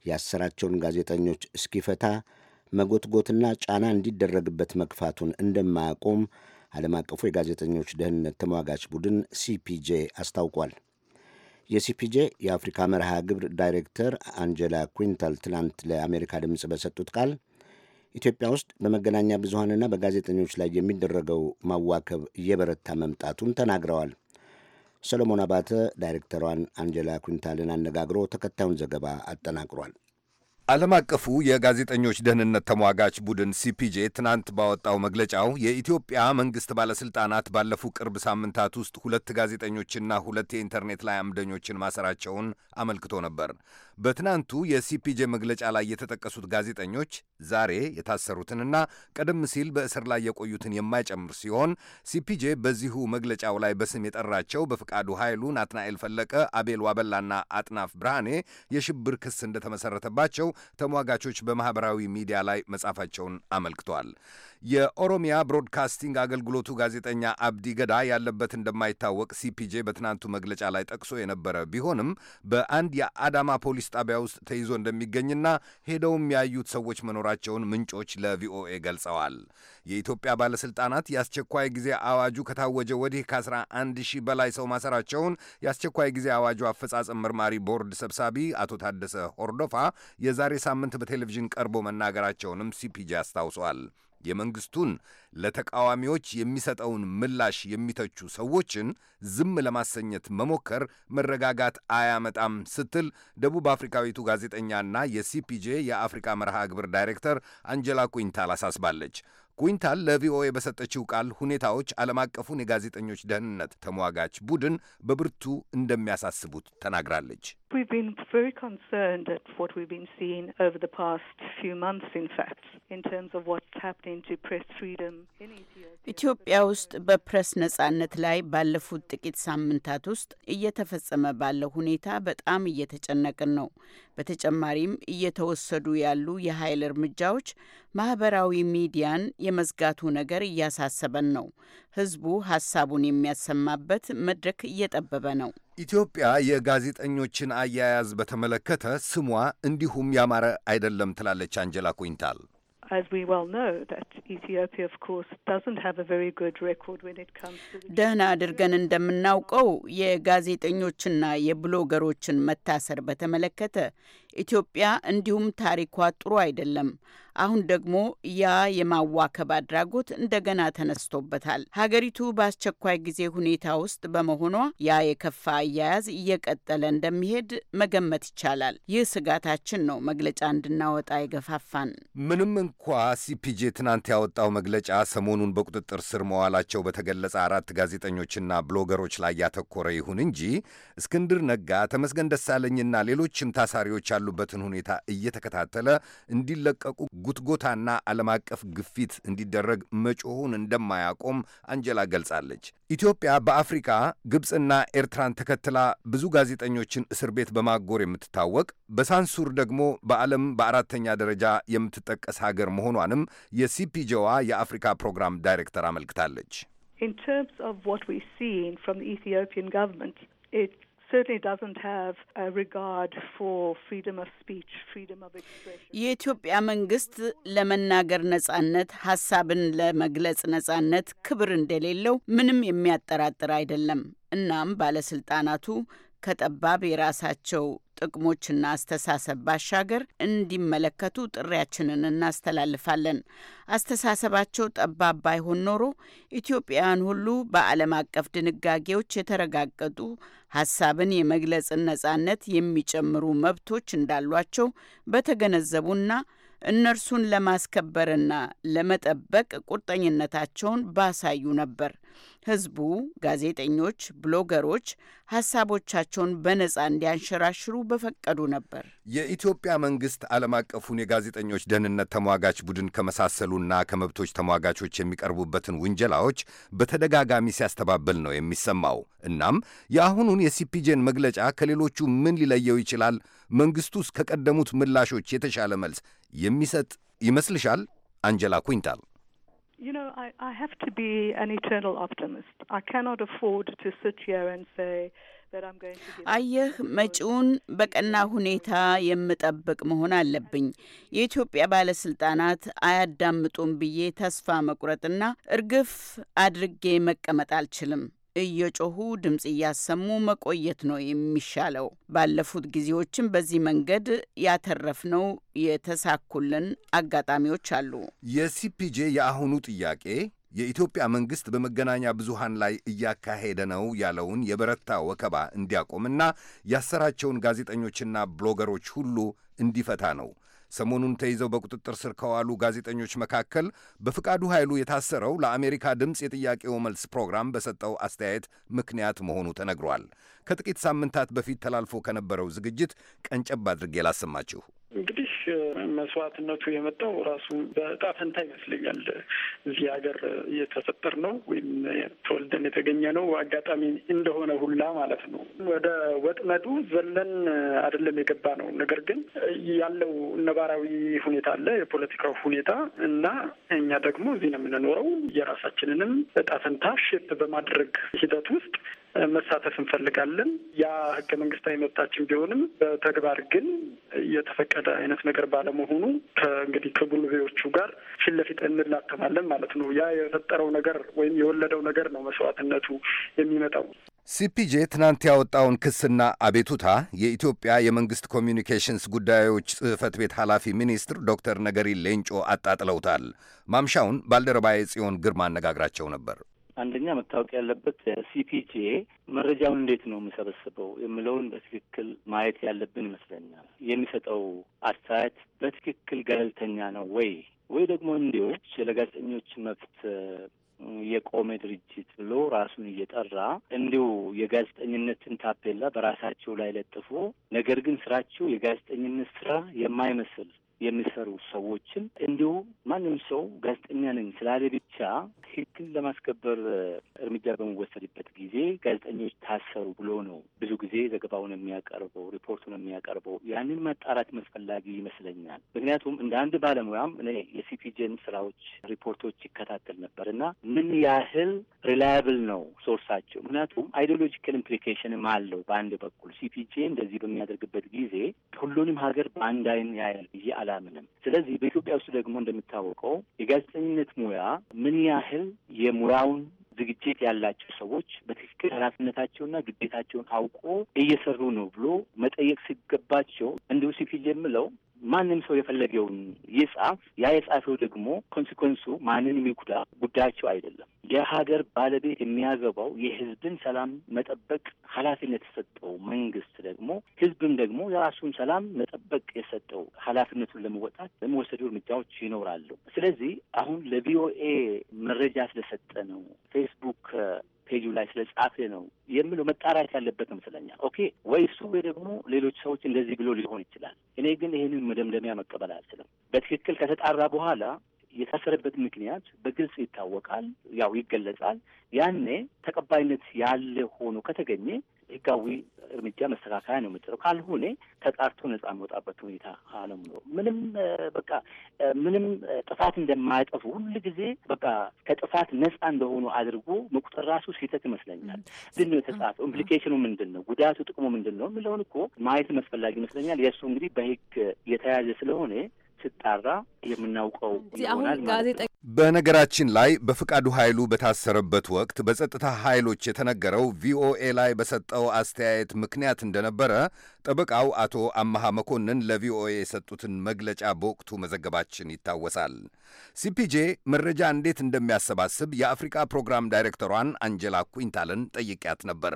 ያሰራቸውን ጋዜጠኞች እስኪፈታ መጎትጎትና ጫና እንዲደረግበት መግፋቱን እንደማያቆም ዓለም አቀፉ የጋዜጠኞች ደህንነት ተሟጋች ቡድን ሲፒጄ አስታውቋል። የሲፒጄ የአፍሪካ መርሃ ግብር ዳይሬክተር አንጀላ ኩንታል ትናንት ለአሜሪካ ድምፅ በሰጡት ቃል ኢትዮጵያ ውስጥ በመገናኛ ብዙሀንና በጋዜጠኞች ላይ የሚደረገው ማዋከብ እየበረታ መምጣቱን ተናግረዋል። ሰለሞን አባተ ዳይሬክተሯን አንጀላ ኩንታልን አነጋግሮ ተከታዩን ዘገባ አጠናቅሯል። ዓለም አቀፉ የጋዜጠኞች ደህንነት ተሟጋች ቡድን ሲፒጄ ትናንት ባወጣው መግለጫው የኢትዮጵያ መንግሥት ባለሥልጣናት ባለፉ ቅርብ ሳምንታት ውስጥ ሁለት ጋዜጠኞችና ሁለት የኢንተርኔት ላይ አምደኞችን ማሰራቸውን አመልክቶ ነበር። በትናንቱ የሲፒጄ መግለጫ ላይ የተጠቀሱት ጋዜጠኞች ዛሬ የታሰሩትንና ቀደም ሲል በእስር ላይ የቆዩትን የማይጨምር ሲሆን ሲፒጄ በዚሁ መግለጫው ላይ በስም የጠራቸው በፍቃዱ ኃይሉ፣ ናትናኤል ፈለቀ፣ አቤል ዋበላና አጥናፍ ብርሃኔ የሽብር ክስ እንደተመሰረተባቸው ተሟጋቾች በማኅበራዊ ሚዲያ ላይ መጻፋቸውን አመልክተዋል። የኦሮሚያ ብሮድካስቲንግ አገልግሎቱ ጋዜጠኛ አብዲ ገዳ ያለበት እንደማይታወቅ ሲፒጄ በትናንቱ መግለጫ ላይ ጠቅሶ የነበረ ቢሆንም በአንድ የአዳማ ፖሊስ ጣቢያ ውስጥ ተይዞ እንደሚገኝና ሄደውም ያዩት ሰዎች መኖራቸውን ምንጮች ለቪኦኤ ገልጸዋል። የኢትዮጵያ ባለስልጣናት የአስቸኳይ ጊዜ አዋጁ ከታወጀ ወዲህ ከ11 ሺህ በላይ ሰው ማሰራቸውን የአስቸኳይ ጊዜ አዋጁ አፈጻጸም መርማሪ ቦርድ ሰብሳቢ አቶ ታደሰ ሆርዶፋ የዛሬ ሳምንት በቴሌቪዥን ቀርቦ መናገራቸውንም ሲፒጄ አስታውሷል። የመንግስቱን ለተቃዋሚዎች የሚሰጠውን ምላሽ የሚተቹ ሰዎችን ዝም ለማሰኘት መሞከር መረጋጋት አያመጣም ስትል ደቡብ አፍሪካዊቱ ጋዜጠኛና የሲፒጄ የአፍሪካ መርሃ ግብር ዳይሬክተር አንጀላ ኩኝታል አሳስባለች። ኩኝታል ለቪኦኤ በሰጠችው ቃል ሁኔታዎች ዓለም አቀፉን የጋዜጠኞች ደህንነት ተሟጋች ቡድን በብርቱ እንደሚያሳስቡት ተናግራለች። We've been very concerned at what we've been seeing over the past few months, in fact, in terms of what's happening to press freedom in Ethiopia. ኢትዮጵያ ውስጥ በፕሬስ ነጻነት ላይ ባለፉት ጥቂት ሳምንታት ውስጥ እየተፈጸመ ባለው ሁኔታ በጣም እየተጨነቅን ነው። በተጨማሪም እየተወሰዱ ያሉ የኃይል እርምጃዎች ማህበራዊ ሚዲያን የመዝጋቱ ነገር እያሳሰበን ነው። ህዝቡ ሀሳቡን የሚያሰማበት መድረክ እየጠበበ ነው። ኢትዮጵያ የጋዜጠኞችን አያያዝ በተመለከተ ስሟ እንዲሁም ያማረ አይደለም ትላለች አንጀላ ኩኝታል። ደህና አድርገን እንደምናውቀው የጋዜጠኞችና የብሎገሮችን መታሰር በተመለከተ ኢትዮጵያ እንዲሁም ታሪኳ ጥሩ አይደለም። አሁን ደግሞ ያ የማዋከብ አድራጎት እንደገና ተነስቶበታል። ሀገሪቱ በአስቸኳይ ጊዜ ሁኔታ ውስጥ በመሆኗ ያ የከፋ አያያዝ እየቀጠለ እንደሚሄድ መገመት ይቻላል። ይህ ስጋታችን ነው መግለጫ እንድናወጣ የገፋፋን። ምንም እንኳ ሲፒጂ ትናንት ያወጣው መግለጫ ሰሞኑን በቁጥጥር ስር መዋላቸው በተገለጸ አራት ጋዜጠኞችና ብሎገሮች ላይ ያተኮረ ይሁን እንጂ እስክንድር ነጋ፣ ተመስገን ደሳለኝና ሌሎችም ታሳሪዎች ያሉበትን ሁኔታ እየተከታተለ እንዲለቀቁ ጉትጎታና ዓለም አቀፍ ግፊት እንዲደረግ መጮሁን እንደማያቆም አንጀላ ገልጻለች። ኢትዮጵያ በአፍሪካ ግብፅና ኤርትራን ተከትላ ብዙ ጋዜጠኞችን እስር ቤት በማጎር የምትታወቅ በሳንሱር ደግሞ በዓለም በአራተኛ ደረጃ የምትጠቀስ ሀገር መሆኗንም የሲፒጄዋ የአፍሪካ ፕሮግራም ዳይሬክተር አመልክታለች። In terms of what we're seeing from the Ethiopian government, it የኢትዮጵያ መንግስት ለመናገር ነጻነት፣ ሀሳብን ለመግለጽ ነጻነት ክብር እንደሌለው ምንም የሚያጠራጥር አይደለም። እናም ባለስልጣናቱ ከጠባብ የራሳቸው ጥቅሞችና አስተሳሰብ ባሻገር እንዲመለከቱ ጥሪያችንን እናስተላልፋለን። አስተሳሰባቸው ጠባብ ባይሆን ኖሮ ኢትዮጵያውያን ሁሉ በዓለም አቀፍ ድንጋጌዎች የተረጋገጡ ሀሳብን የመግለጽን ነጻነት የሚጨምሩ መብቶች እንዳሏቸው በተገነዘቡና እነርሱን ለማስከበርና ለመጠበቅ ቁርጠኝነታቸውን ባሳዩ ነበር። ህዝቡ፣ ጋዜጠኞች፣ ብሎገሮች ሀሳቦቻቸውን በነጻ እንዲያንሸራሽሩ በፈቀዱ ነበር። የኢትዮጵያ መንግስት ዓለም አቀፉን የጋዜጠኞች ደህንነት ተሟጋች ቡድን ከመሳሰሉና ከመብቶች ተሟጋቾች የሚቀርቡበትን ውንጀላዎች በተደጋጋሚ ሲያስተባብል ነው የሚሰማው። እናም የአሁኑን የሲፒጄን መግለጫ ከሌሎቹ ምን ሊለየው ይችላል? መንግስቱስ ከቀደሙት ምላሾች የተሻለ መልስ የሚሰጥ ይመስልሻል? አንጀላ ኩኝታል You know, I, I have to be an eternal optimist. I cannot afford to sit here and say አየህ መጪውን በቀና ሁኔታ የምጠብቅ መሆን አለብኝ። የኢትዮጵያ ባለስልጣናት አያዳምጡም ብዬ ተስፋ መቁረጥና እርግፍ አድርጌ መቀመጥ አልችልም። እየጮሁ ድምፅ እያሰሙ መቆየት ነው የሚሻለው። ባለፉት ጊዜዎችም በዚህ መንገድ ያተረፍነው የተሳኩልን አጋጣሚዎች አሉ። የሲፒጄ የአሁኑ ጥያቄ የኢትዮጵያ መንግስት በመገናኛ ብዙሃን ላይ እያካሄደ ነው ያለውን የበረታ ወከባ እንዲያቆምና ያሰራቸውን ጋዜጠኞችና ብሎገሮች ሁሉ እንዲፈታ ነው። ሰሞኑን ተይዘው በቁጥጥር ስር ከዋሉ ጋዜጠኞች መካከል በፍቃዱ ኃይሉ የታሰረው ለአሜሪካ ድምፅ የጥያቄው መልስ ፕሮግራም በሰጠው አስተያየት ምክንያት መሆኑ ተነግሯል። ከጥቂት ሳምንታት በፊት ተላልፎ ከነበረው ዝግጅት ቀንጨብ አድርጌ ላሰማችሁ። እንግዲህ ትንሽ መስዋዕትነቱ የመጣው ራሱ በዕጣ ፈንታ ይመስለኛል። እዚህ ሀገር እየተፈጠር ነው ወይም ተወልደን የተገኘ ነው አጋጣሚ እንደሆነ ሁላ ማለት ነው። ወደ ወጥመዱ ዘለን አይደለም የገባ ነው። ነገር ግን ያለው ነባራዊ ሁኔታ አለ፣ የፖለቲካው ሁኔታ እና እኛ ደግሞ እዚህ ነው የምንኖረው። የራሳችንንም በጣፈንታ ፈንታ ሼፕ በማድረግ ሂደት ውስጥ መሳተፍ እንፈልጋለን። ያ ህገ መንግስታዊ መብታችን ቢሆንም በተግባር ግን የተፈቀደ አይነት ነገር ባለመሆኑ እንግዲህ ከጉልቤዎቹ ጋር ፊት ለፊት እንላተማለን ማለት ነው። ያ የፈጠረው ነገር ወይም የወለደው ነገር ነው መስዋዕትነቱ የሚመጣው። ሲፒጄ ትናንት ያወጣውን ክስና አቤቱታ የኢትዮጵያ የመንግስት ኮሚዩኒኬሽንስ ጉዳዮች ጽህፈት ቤት ኃላፊ ሚኒስትር ዶክተር ነገሪ ሌንጮ አጣጥለውታል። ማምሻውን ባልደረባዬ ጽዮን ግርማ አነጋግራቸው ነበር። አንደኛ መታወቅ ያለበት ሲፒጄ መረጃውን እንዴት ነው የምሰበስበው የምለውን በትክክል ማየት ያለብን ይመስለኛል። የሚሰጠው አስተያየት በትክክል ገለልተኛ ነው ወይ ወይ ደግሞ እንዲሁ ለጋዜጠኞች መብት የቆመ ድርጅት ብሎ ራሱን እየጠራ እንዲሁ የጋዜጠኝነትን ታፔላ በራሳቸው ላይ ለጥፎ ነገር ግን ስራቸው የጋዜጠኝነት ስራ የማይመስል የሚሰሩ ሰዎችን እንዲሁ ማንም ሰው ጋዜጠኛ ነኝ ስላለ ብቻ ህግን ለማስከበር እርምጃ በሚወሰድበት ጊዜ ጋዜጠኞች ታሰሩ ብሎ ነው ብዙ ጊዜ ዘገባውን የሚያቀርበው ሪፖርቱን የሚያቀርበው። ያንን መጣራት መስፈላጊ ይመስለኛል። ምክንያቱም እንደ አንድ ባለሙያም እኔ የሲፒጄን ስራዎች ሪፖርቶች ይከታተል ነበር እና ምን ያህል ሪላያብል ነው ሶርሳቸው። ምክንያቱም አይዲዮሎጂካል ኢምፕሊኬሽንም አለው በአንድ በኩል ሲፒጄ እንደዚህ በሚያደርግበት ጊዜ ሁሉንም ሀገር በአንድ አይን ያያል ብዬ አላምንም። ስለዚህ በኢትዮጵያ ውስጥ ደግሞ እንደሚታወቀው የጋዜጠኝነት ሙያ ምን ያህል የሙያውን ዝግጅት ያላቸው ሰዎች በትክክል ኃላፊነታቸውና ግዴታቸውን አውቆ እየሰሩ ነው ብሎ መጠየቅ ሲገባቸው እንዲሁ ሲፊል የምለው ማንም ሰው የፈለገውን ይጻፍ። ያ የጻፈው ደግሞ ኮንሲኮንሱ ማንን የሚጉዳ ጉዳያቸው አይደለም። የሀገር ባለቤት የሚያገባው የህዝብን ሰላም መጠበቅ ኃላፊነት የሰጠው መንግስት ደግሞ ህዝብም ደግሞ የራሱን ሰላም መጠበቅ የሰጠው ኃላፊነቱን ለመወጣት ለመወሰዱ እርምጃዎች ይኖራሉ። ስለዚህ አሁን ለቪኦኤ መረጃ ስለሰጠ ነው ፌስቡክ ፔጁ ላይ ስለ ጻፌ ነው የምለው መጣራት ያለበት ይመስለኛል። ኦኬ ወይ እሱ ወይ ደግሞ ሌሎች ሰዎች እንደዚህ ብሎ ሊሆን ይችላል። እኔ ግን ይህንን መደምደሚያ መቀበል አልችልም። በትክክል ከተጣራ በኋላ የታሰረበት ምክንያት በግልጽ ይታወቃል፣ ያው ይገለጻል። ያኔ ተቀባይነት ያለ ሆኖ ከተገኘ ህጋዊ እርምጃ መስተካከያ ነው የምጥለው። ካልሆነ ተጣርቶ ነጻ መውጣበት ሁኔታ አለምኖር ምንም በቃ ምንም ጥፋት እንደማያጠፉ ሁል ጊዜ በቃ ከጥፋት ነጻ እንደሆኑ አድርጎ መቁጠር ራሱ ስህተት ይመስለኛል። ምንድን የተጻፈው? ኢምፕሊኬሽኑ ምንድን ነው? ጉዳቱ ጥቅሙ ምንድን ነው የሚለውን እኮ ማየትም አስፈላጊ ይመስለኛል። የእሱ እንግዲህ በህግ የተያዘ ስለሆነ ስጣራ የምናውቀው ይሆናል ማለት ነው። በነገራችን ላይ በፍቃዱ ኃይሉ በታሰረበት ወቅት በጸጥታ ኃይሎች የተነገረው ቪኦኤ ላይ በሰጠው አስተያየት ምክንያት እንደነበረ ጠበቃው አቶ አመሃ መኮንን ለቪኦኤ የሰጡትን መግለጫ በወቅቱ መዘገባችን ይታወሳል። ሲፒጄ መረጃ እንዴት እንደሚያሰባስብ የአፍሪካ ፕሮግራም ዳይሬክተሯን አንጀላ ኩንታልን ጠይቂያት ነበር።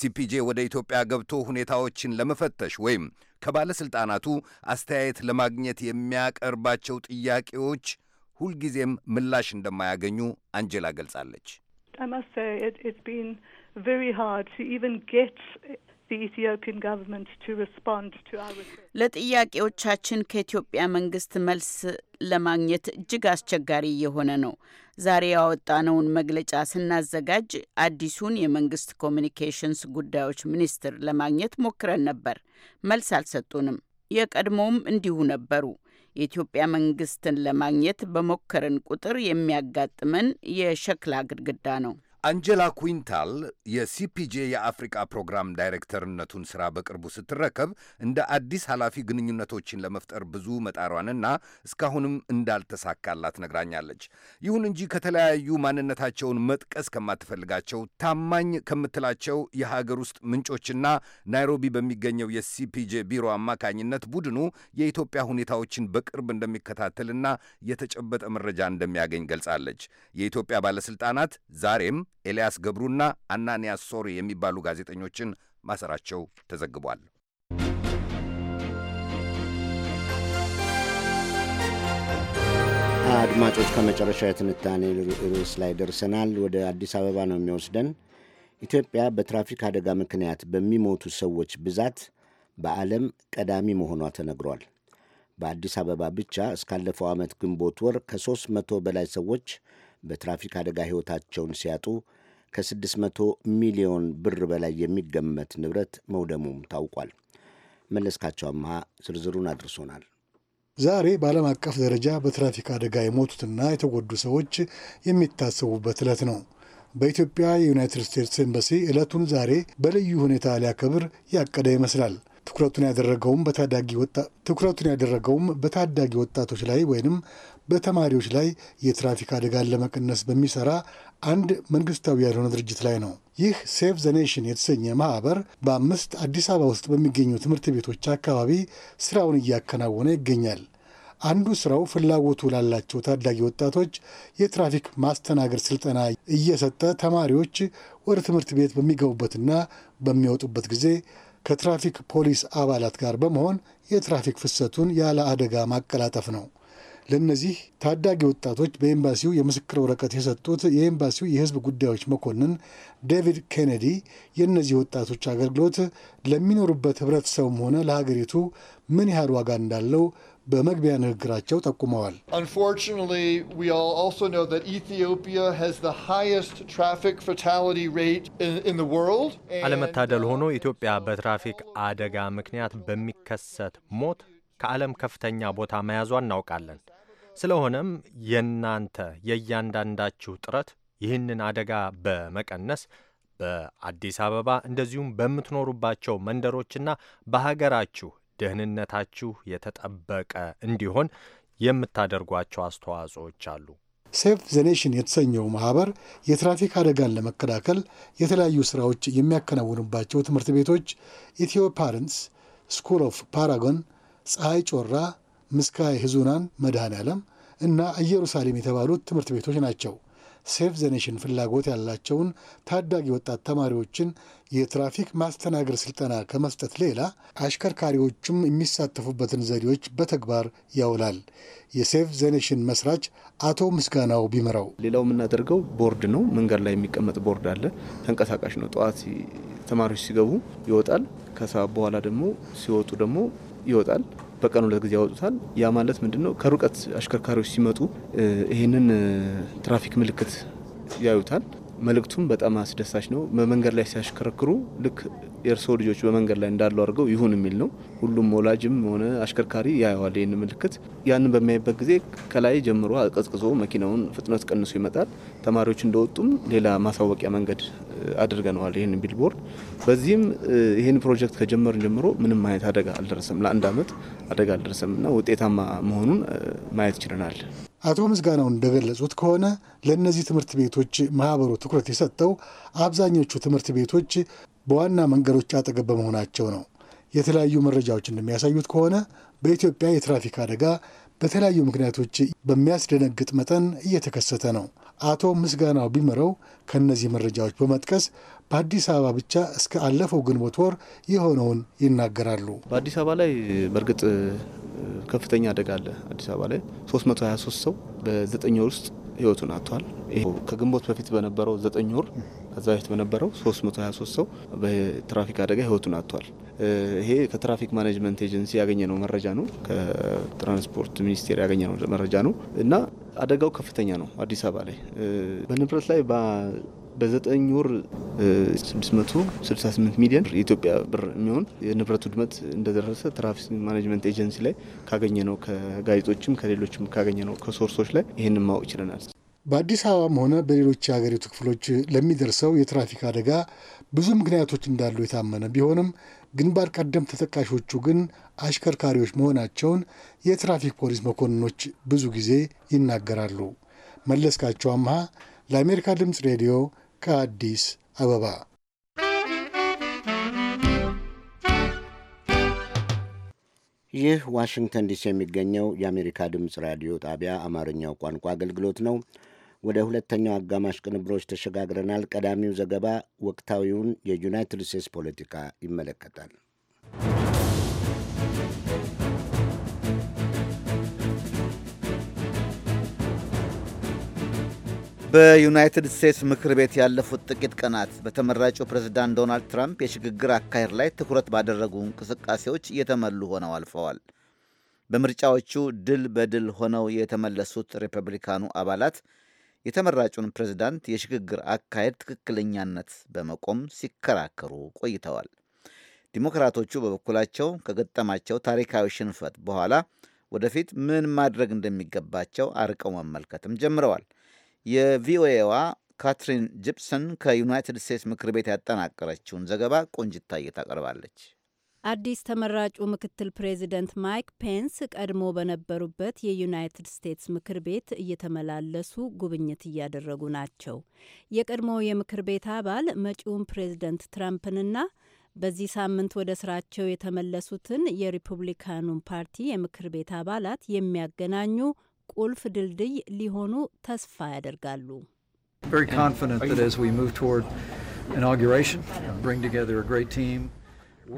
ሲፒጄ ወደ ኢትዮጵያ ገብቶ ሁኔታዎችን ለመፈተሽ ወይም ከባለሥልጣናቱ አስተያየት ለማግኘት የሚያቀርባቸው ጥያቄዎች ሁልጊዜም ምላሽ እንደማያገኙ አንጀላ ገልጻለች። ለጥያቄዎቻችን ከኢትዮጵያ መንግስት መልስ ለማግኘት እጅግ አስቸጋሪ እየሆነ ነው። ዛሬ ያወጣነውን መግለጫ ስናዘጋጅ አዲሱን የመንግስት ኮሚኒኬሽንስ ጉዳዮች ሚኒስትር ለማግኘት ሞክረን ነበር። መልስ አልሰጡንም። የቀድሞውም እንዲሁ ነበሩ። የኢትዮጵያ መንግስትን ለማግኘት በሞከርን ቁጥር የሚያጋጥመን የሸክላ ግድግዳ ነው። አንጀላ ኩንታል የሲፒጄ የአፍሪቃ ፕሮግራም ዳይሬክተርነቱን ሥራ በቅርቡ ስትረከብ እንደ አዲስ ኃላፊ ግንኙነቶችን ለመፍጠር ብዙ መጣሯንና እስካሁንም እንዳልተሳካላት ነግራኛለች። ይሁን እንጂ ከተለያዩ ማንነታቸውን መጥቀስ ከማትፈልጋቸው ታማኝ ከምትላቸው የሀገር ውስጥ ምንጮችና ናይሮቢ በሚገኘው የሲፒጄ ቢሮ አማካኝነት ቡድኑ የኢትዮጵያ ሁኔታዎችን በቅርብ እንደሚከታተልና የተጨበጠ መረጃ እንደሚያገኝ ገልጻለች። የኢትዮጵያ ባለሥልጣናት ዛሬም ኤልያስ ገብሩና አናንያስ ሶሪ የሚባሉ ጋዜጠኞችን ማሰራቸው ተዘግቧል። አድማጮች፣ ከመጨረሻ የትንታኔ ርዕስ ላይ ደርሰናል። ወደ አዲስ አበባ ነው የሚወስደን። ኢትዮጵያ በትራፊክ አደጋ ምክንያት በሚሞቱ ሰዎች ብዛት በዓለም ቀዳሚ መሆኗ ተነግሯል። በአዲስ አበባ ብቻ እስካለፈው ዓመት ግንቦት ወር ከሦስት መቶ በላይ ሰዎች በትራፊክ አደጋ ሕይወታቸውን ሲያጡ ከ600 ሚሊዮን ብር በላይ የሚገመት ንብረት መውደሙም ታውቋል። መለስካቸው አምሃ ዝርዝሩን አድርሶናል። ዛሬ በዓለም አቀፍ ደረጃ በትራፊክ አደጋ የሞቱትና የተጎዱ ሰዎች የሚታሰቡበት ዕለት ነው። በኢትዮጵያ የዩናይትድ ስቴትስ ኤምባሲ ዕለቱን ዛሬ በልዩ ሁኔታ ሊያከብር ያቀደ ይመስላል። ትኩረቱን ያደረገውም በታዳጊ ወጣቶች ላይ ወይንም በተማሪዎች ላይ የትራፊክ አደጋን ለመቀነስ በሚሰራ አንድ መንግስታዊ ያልሆነ ድርጅት ላይ ነው። ይህ ሴቭ ዘ ኔሽን የተሰኘ ማህበር በአምስት አዲስ አበባ ውስጥ በሚገኙ ትምህርት ቤቶች አካባቢ ስራውን እያከናወነ ይገኛል። አንዱ ስራው ፍላጎቱ ላላቸው ታዳጊ ወጣቶች የትራፊክ ማስተናገድ ስልጠና እየሰጠ ተማሪዎች ወደ ትምህርት ቤት በሚገቡበትና በሚወጡበት ጊዜ ከትራፊክ ፖሊስ አባላት ጋር በመሆን የትራፊክ ፍሰቱን ያለ አደጋ ማቀላጠፍ ነው። ለእነዚህ ታዳጊ ወጣቶች በኤምባሲው የምስክር ወረቀት የሰጡት የኤምባሲው የሕዝብ ጉዳዮች መኮንን ዴቪድ ኬኔዲ የእነዚህ ወጣቶች አገልግሎት ለሚኖሩበት ህብረተሰቡም ሆነ ለሀገሪቱ ምን ያህል ዋጋ እንዳለው በመግቢያ ንግግራቸው ጠቁመዋል። አለመታደል uh, ሆኖ ኢትዮጵያ በትራፊክ አደጋ ምክንያት በሚከሰት ሞት ከዓለም ከፍተኛ ቦታ መያዟ እናውቃለን። ስለሆነም የእናንተ የእያንዳንዳችሁ ጥረት ይህንን አደጋ በመቀነስ በአዲስ አበባ እንደዚሁም በምትኖሩባቸው መንደሮችና በሀገራችሁ ደህንነታችሁ የተጠበቀ እንዲሆን የምታደርጓቸው አስተዋጽኦች አሉ። ሴፍ ዘኔሽን ኔሽን የተሰኘው ማህበር የትራፊክ አደጋን ለመከላከል የተለያዩ ስራዎች የሚያከናውኑባቸው ትምህርት ቤቶች ኢትዮ ፓረንትስ፣ ስኩል ኦፍ ፓራጎን፣ ፀሐይ ጮራ ምስካየ ሕዙናን መድኃኔ ዓለም እና ኢየሩሳሌም የተባሉት ትምህርት ቤቶች ናቸው። ሴፍ ዘኔሽን ፍላጎት ያላቸውን ታዳጊ ወጣት ተማሪዎችን የትራፊክ ማስተናገድ ስልጠና ከመስጠት ሌላ አሽከርካሪዎችም የሚሳተፉበትን ዘዴዎች በተግባር ያውላል። የሴቭ ዘኔሽን መስራች አቶ ምስጋናው ቢመራው፣ ሌላው የምናደርገው ቦርድ ነው። መንገድ ላይ የሚቀመጥ ቦርድ አለ። ተንቀሳቃሽ ነው። ጠዋት ተማሪዎች ሲገቡ ይወጣል። ከሰዓት በኋላ ደግሞ ሲወጡ ደግሞ ይወጣል። በቀን ሁለት ጊዜ ያወጡታል። ያ ማለት ምንድን ነው? ከሩቀት አሽከርካሪዎች ሲመጡ ይህንን ትራፊክ ምልክት ያዩታል። መልእክቱም በጣም አስደሳች ነው። በመንገድ ላይ ሲያሽከረክሩ ልክ የእርስዎ ልጆች በመንገድ ላይ እንዳሉ አድርገው ይሁን የሚል ነው። ሁሉም ወላጅም ሆነ አሽከርካሪ ያየዋል ይህን ምልክት። ያንን በሚያይበት ጊዜ ከላይ ጀምሮ አቀዝቅዞ መኪናውን ፍጥነት ቀንሶ ይመጣል። ተማሪዎች እንደወጡም ሌላ ማሳወቂያ መንገድ አድርገነዋል ይህን ቢልቦርድ። በዚህም ይህን ፕሮጀክት ከጀመርን ጀምሮ ምንም አይነት አደጋ አልደረሰም። ለአንድ ዓመት አደጋ አልደረሰም እና ውጤታማ መሆኑን ማየት ችለናል። አቶ ምስጋናው እንደገለጹት ከሆነ ለእነዚህ ትምህርት ቤቶች ማህበሩ ትኩረት የሰጠው አብዛኞቹ ትምህርት ቤቶች በዋና መንገዶች አጠገብ በመሆናቸው ነው። የተለያዩ መረጃዎች እንደሚያሳዩት ከሆነ በኢትዮጵያ የትራፊክ አደጋ በተለያዩ ምክንያቶች በሚያስደነግጥ መጠን እየተከሰተ ነው። አቶ ምስጋናው ቢመረው ከእነዚህ መረጃዎች በመጥቀስ በአዲስ አበባ ብቻ እስከ አለፈው ግንቦት ወር የሆነውን ይናገራሉ። በአዲስ አበባ ላይ በእርግጥ ከፍተኛ አደጋ አለ። አዲስ አበባ ላይ 323 ሰው በዘጠኝ ወር ውስጥ ህይወቱን አጥቷል። ከግንቦት በፊት በነበረው ዘጠኝ ወር ከዛ በፊት በነበረው 323 ሰው በትራፊክ አደጋ ህይወቱን አጥቷል። ይሄ ከትራፊክ ማኔጅመንት ኤጀንሲ ነው መረጃ ነው። ከትራንስፖርት ሚኒስቴር ያገኘነው መረጃ ነው እና አደጋው ከፍተኛ ነው አዲስ አበባ ላይ በንብረት ላይ በዘጠኝ ወር 668 ሚሊዮን የኢትዮጵያ ብር የሚሆን የንብረት ውድመት እንደደረሰ ትራፊክ ማኔጅመንት ኤጀንሲ ላይ ካገኘ ነው ከጋዜጦችም ከሌሎችም ካገኘ ነው ከሶርሶች ላይ ይህን ማወቅ ችለናል። በአዲስ አበባም ሆነ በሌሎች የሀገሪቱ ክፍሎች ለሚደርሰው የትራፊክ አደጋ ብዙ ምክንያቶች እንዳሉ የታመነ ቢሆንም ግንባር ቀደም ተጠቃሾቹ ግን አሽከርካሪዎች መሆናቸውን የትራፊክ ፖሊስ መኮንኖች ብዙ ጊዜ ይናገራሉ። መለስካቸው አምሃ ለአሜሪካ ድምፅ ሬዲዮ ከአዲስ አበባ ይህ ዋሽንግተን ዲሲ የሚገኘው የአሜሪካ ድምፅ ራዲዮ ጣቢያ አማርኛው ቋንቋ አገልግሎት ነው። ወደ ሁለተኛው አጋማሽ ቅንብሮች ተሸጋግረናል። ቀዳሚው ዘገባ ወቅታዊውን የዩናይትድ ስቴትስ ፖለቲካ ይመለከታል። በዩናይትድ ስቴትስ ምክር ቤት ያለፉት ጥቂት ቀናት በተመራጩ ፕሬዝዳንት ዶናልድ ትራምፕ የሽግግር አካሄድ ላይ ትኩረት ባደረጉ እንቅስቃሴዎች እየተመሉ ሆነው አልፈዋል። በምርጫዎቹ ድል በድል ሆነው የተመለሱት ሪፐብሊካኑ አባላት የተመራጩን ፕሬዝዳንት የሽግግር አካሄድ ትክክለኛነት በመቆም ሲከራከሩ ቆይተዋል። ዲሞክራቶቹ በበኩላቸው ከገጠማቸው ታሪካዊ ሽንፈት በኋላ ወደፊት ምን ማድረግ እንደሚገባቸው አርቀው መመልከትም ጀምረዋል። የቪኦኤዋ ካትሪን ጂፕሰን ከዩናይትድ ስቴትስ ምክር ቤት ያጠናቀረችውን ዘገባ ቆንጅታዬ ታቀርባለች። አዲስ ተመራጩ ምክትል ፕሬዚደንት ማይክ ፔንስ ቀድሞ በነበሩበት የዩናይትድ ስቴትስ ምክር ቤት እየተመላለሱ ጉብኝት እያደረጉ ናቸው። የቀድሞ የምክር ቤት አባል መጪውን ፕሬዚደንት ትራምፕንና በዚህ ሳምንት ወደ ስራቸው የተመለሱትን የሪፑብሊካኑን ፓርቲ የምክር ቤት አባላት የሚያገናኙ ቁልፍ ድልድይ ሊሆኑ ተስፋ ያደርጋሉ።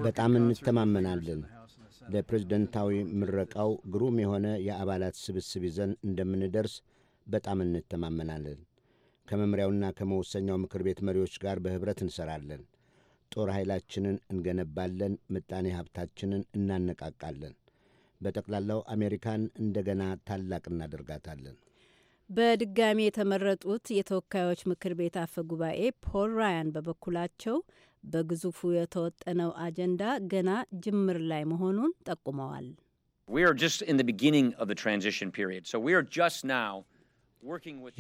በጣም እንተማመናለን። ለፕሬዝደንታዊ ምረቃው ግሩም የሆነ የአባላት ስብስብ ይዘን እንደምንደርስ በጣም እንተማመናለን። ከመምሪያውና ከመወሰኛው ምክር ቤት መሪዎች ጋር በኅብረት እንሠራለን። ጦር ኃይላችንን እንገነባለን። ምጣኔ ሀብታችንን እናነቃቃለን። በጠቅላላው አሜሪካን እንደገና ታላቅ እናደርጋታለን። በድጋሚ የተመረጡት የተወካዮች ምክር ቤት አፈ ጉባኤ ፖል ራያን በበኩላቸው በግዙፉ የተወጠነው አጀንዳ ገና ጅምር ላይ መሆኑን ጠቁመዋል።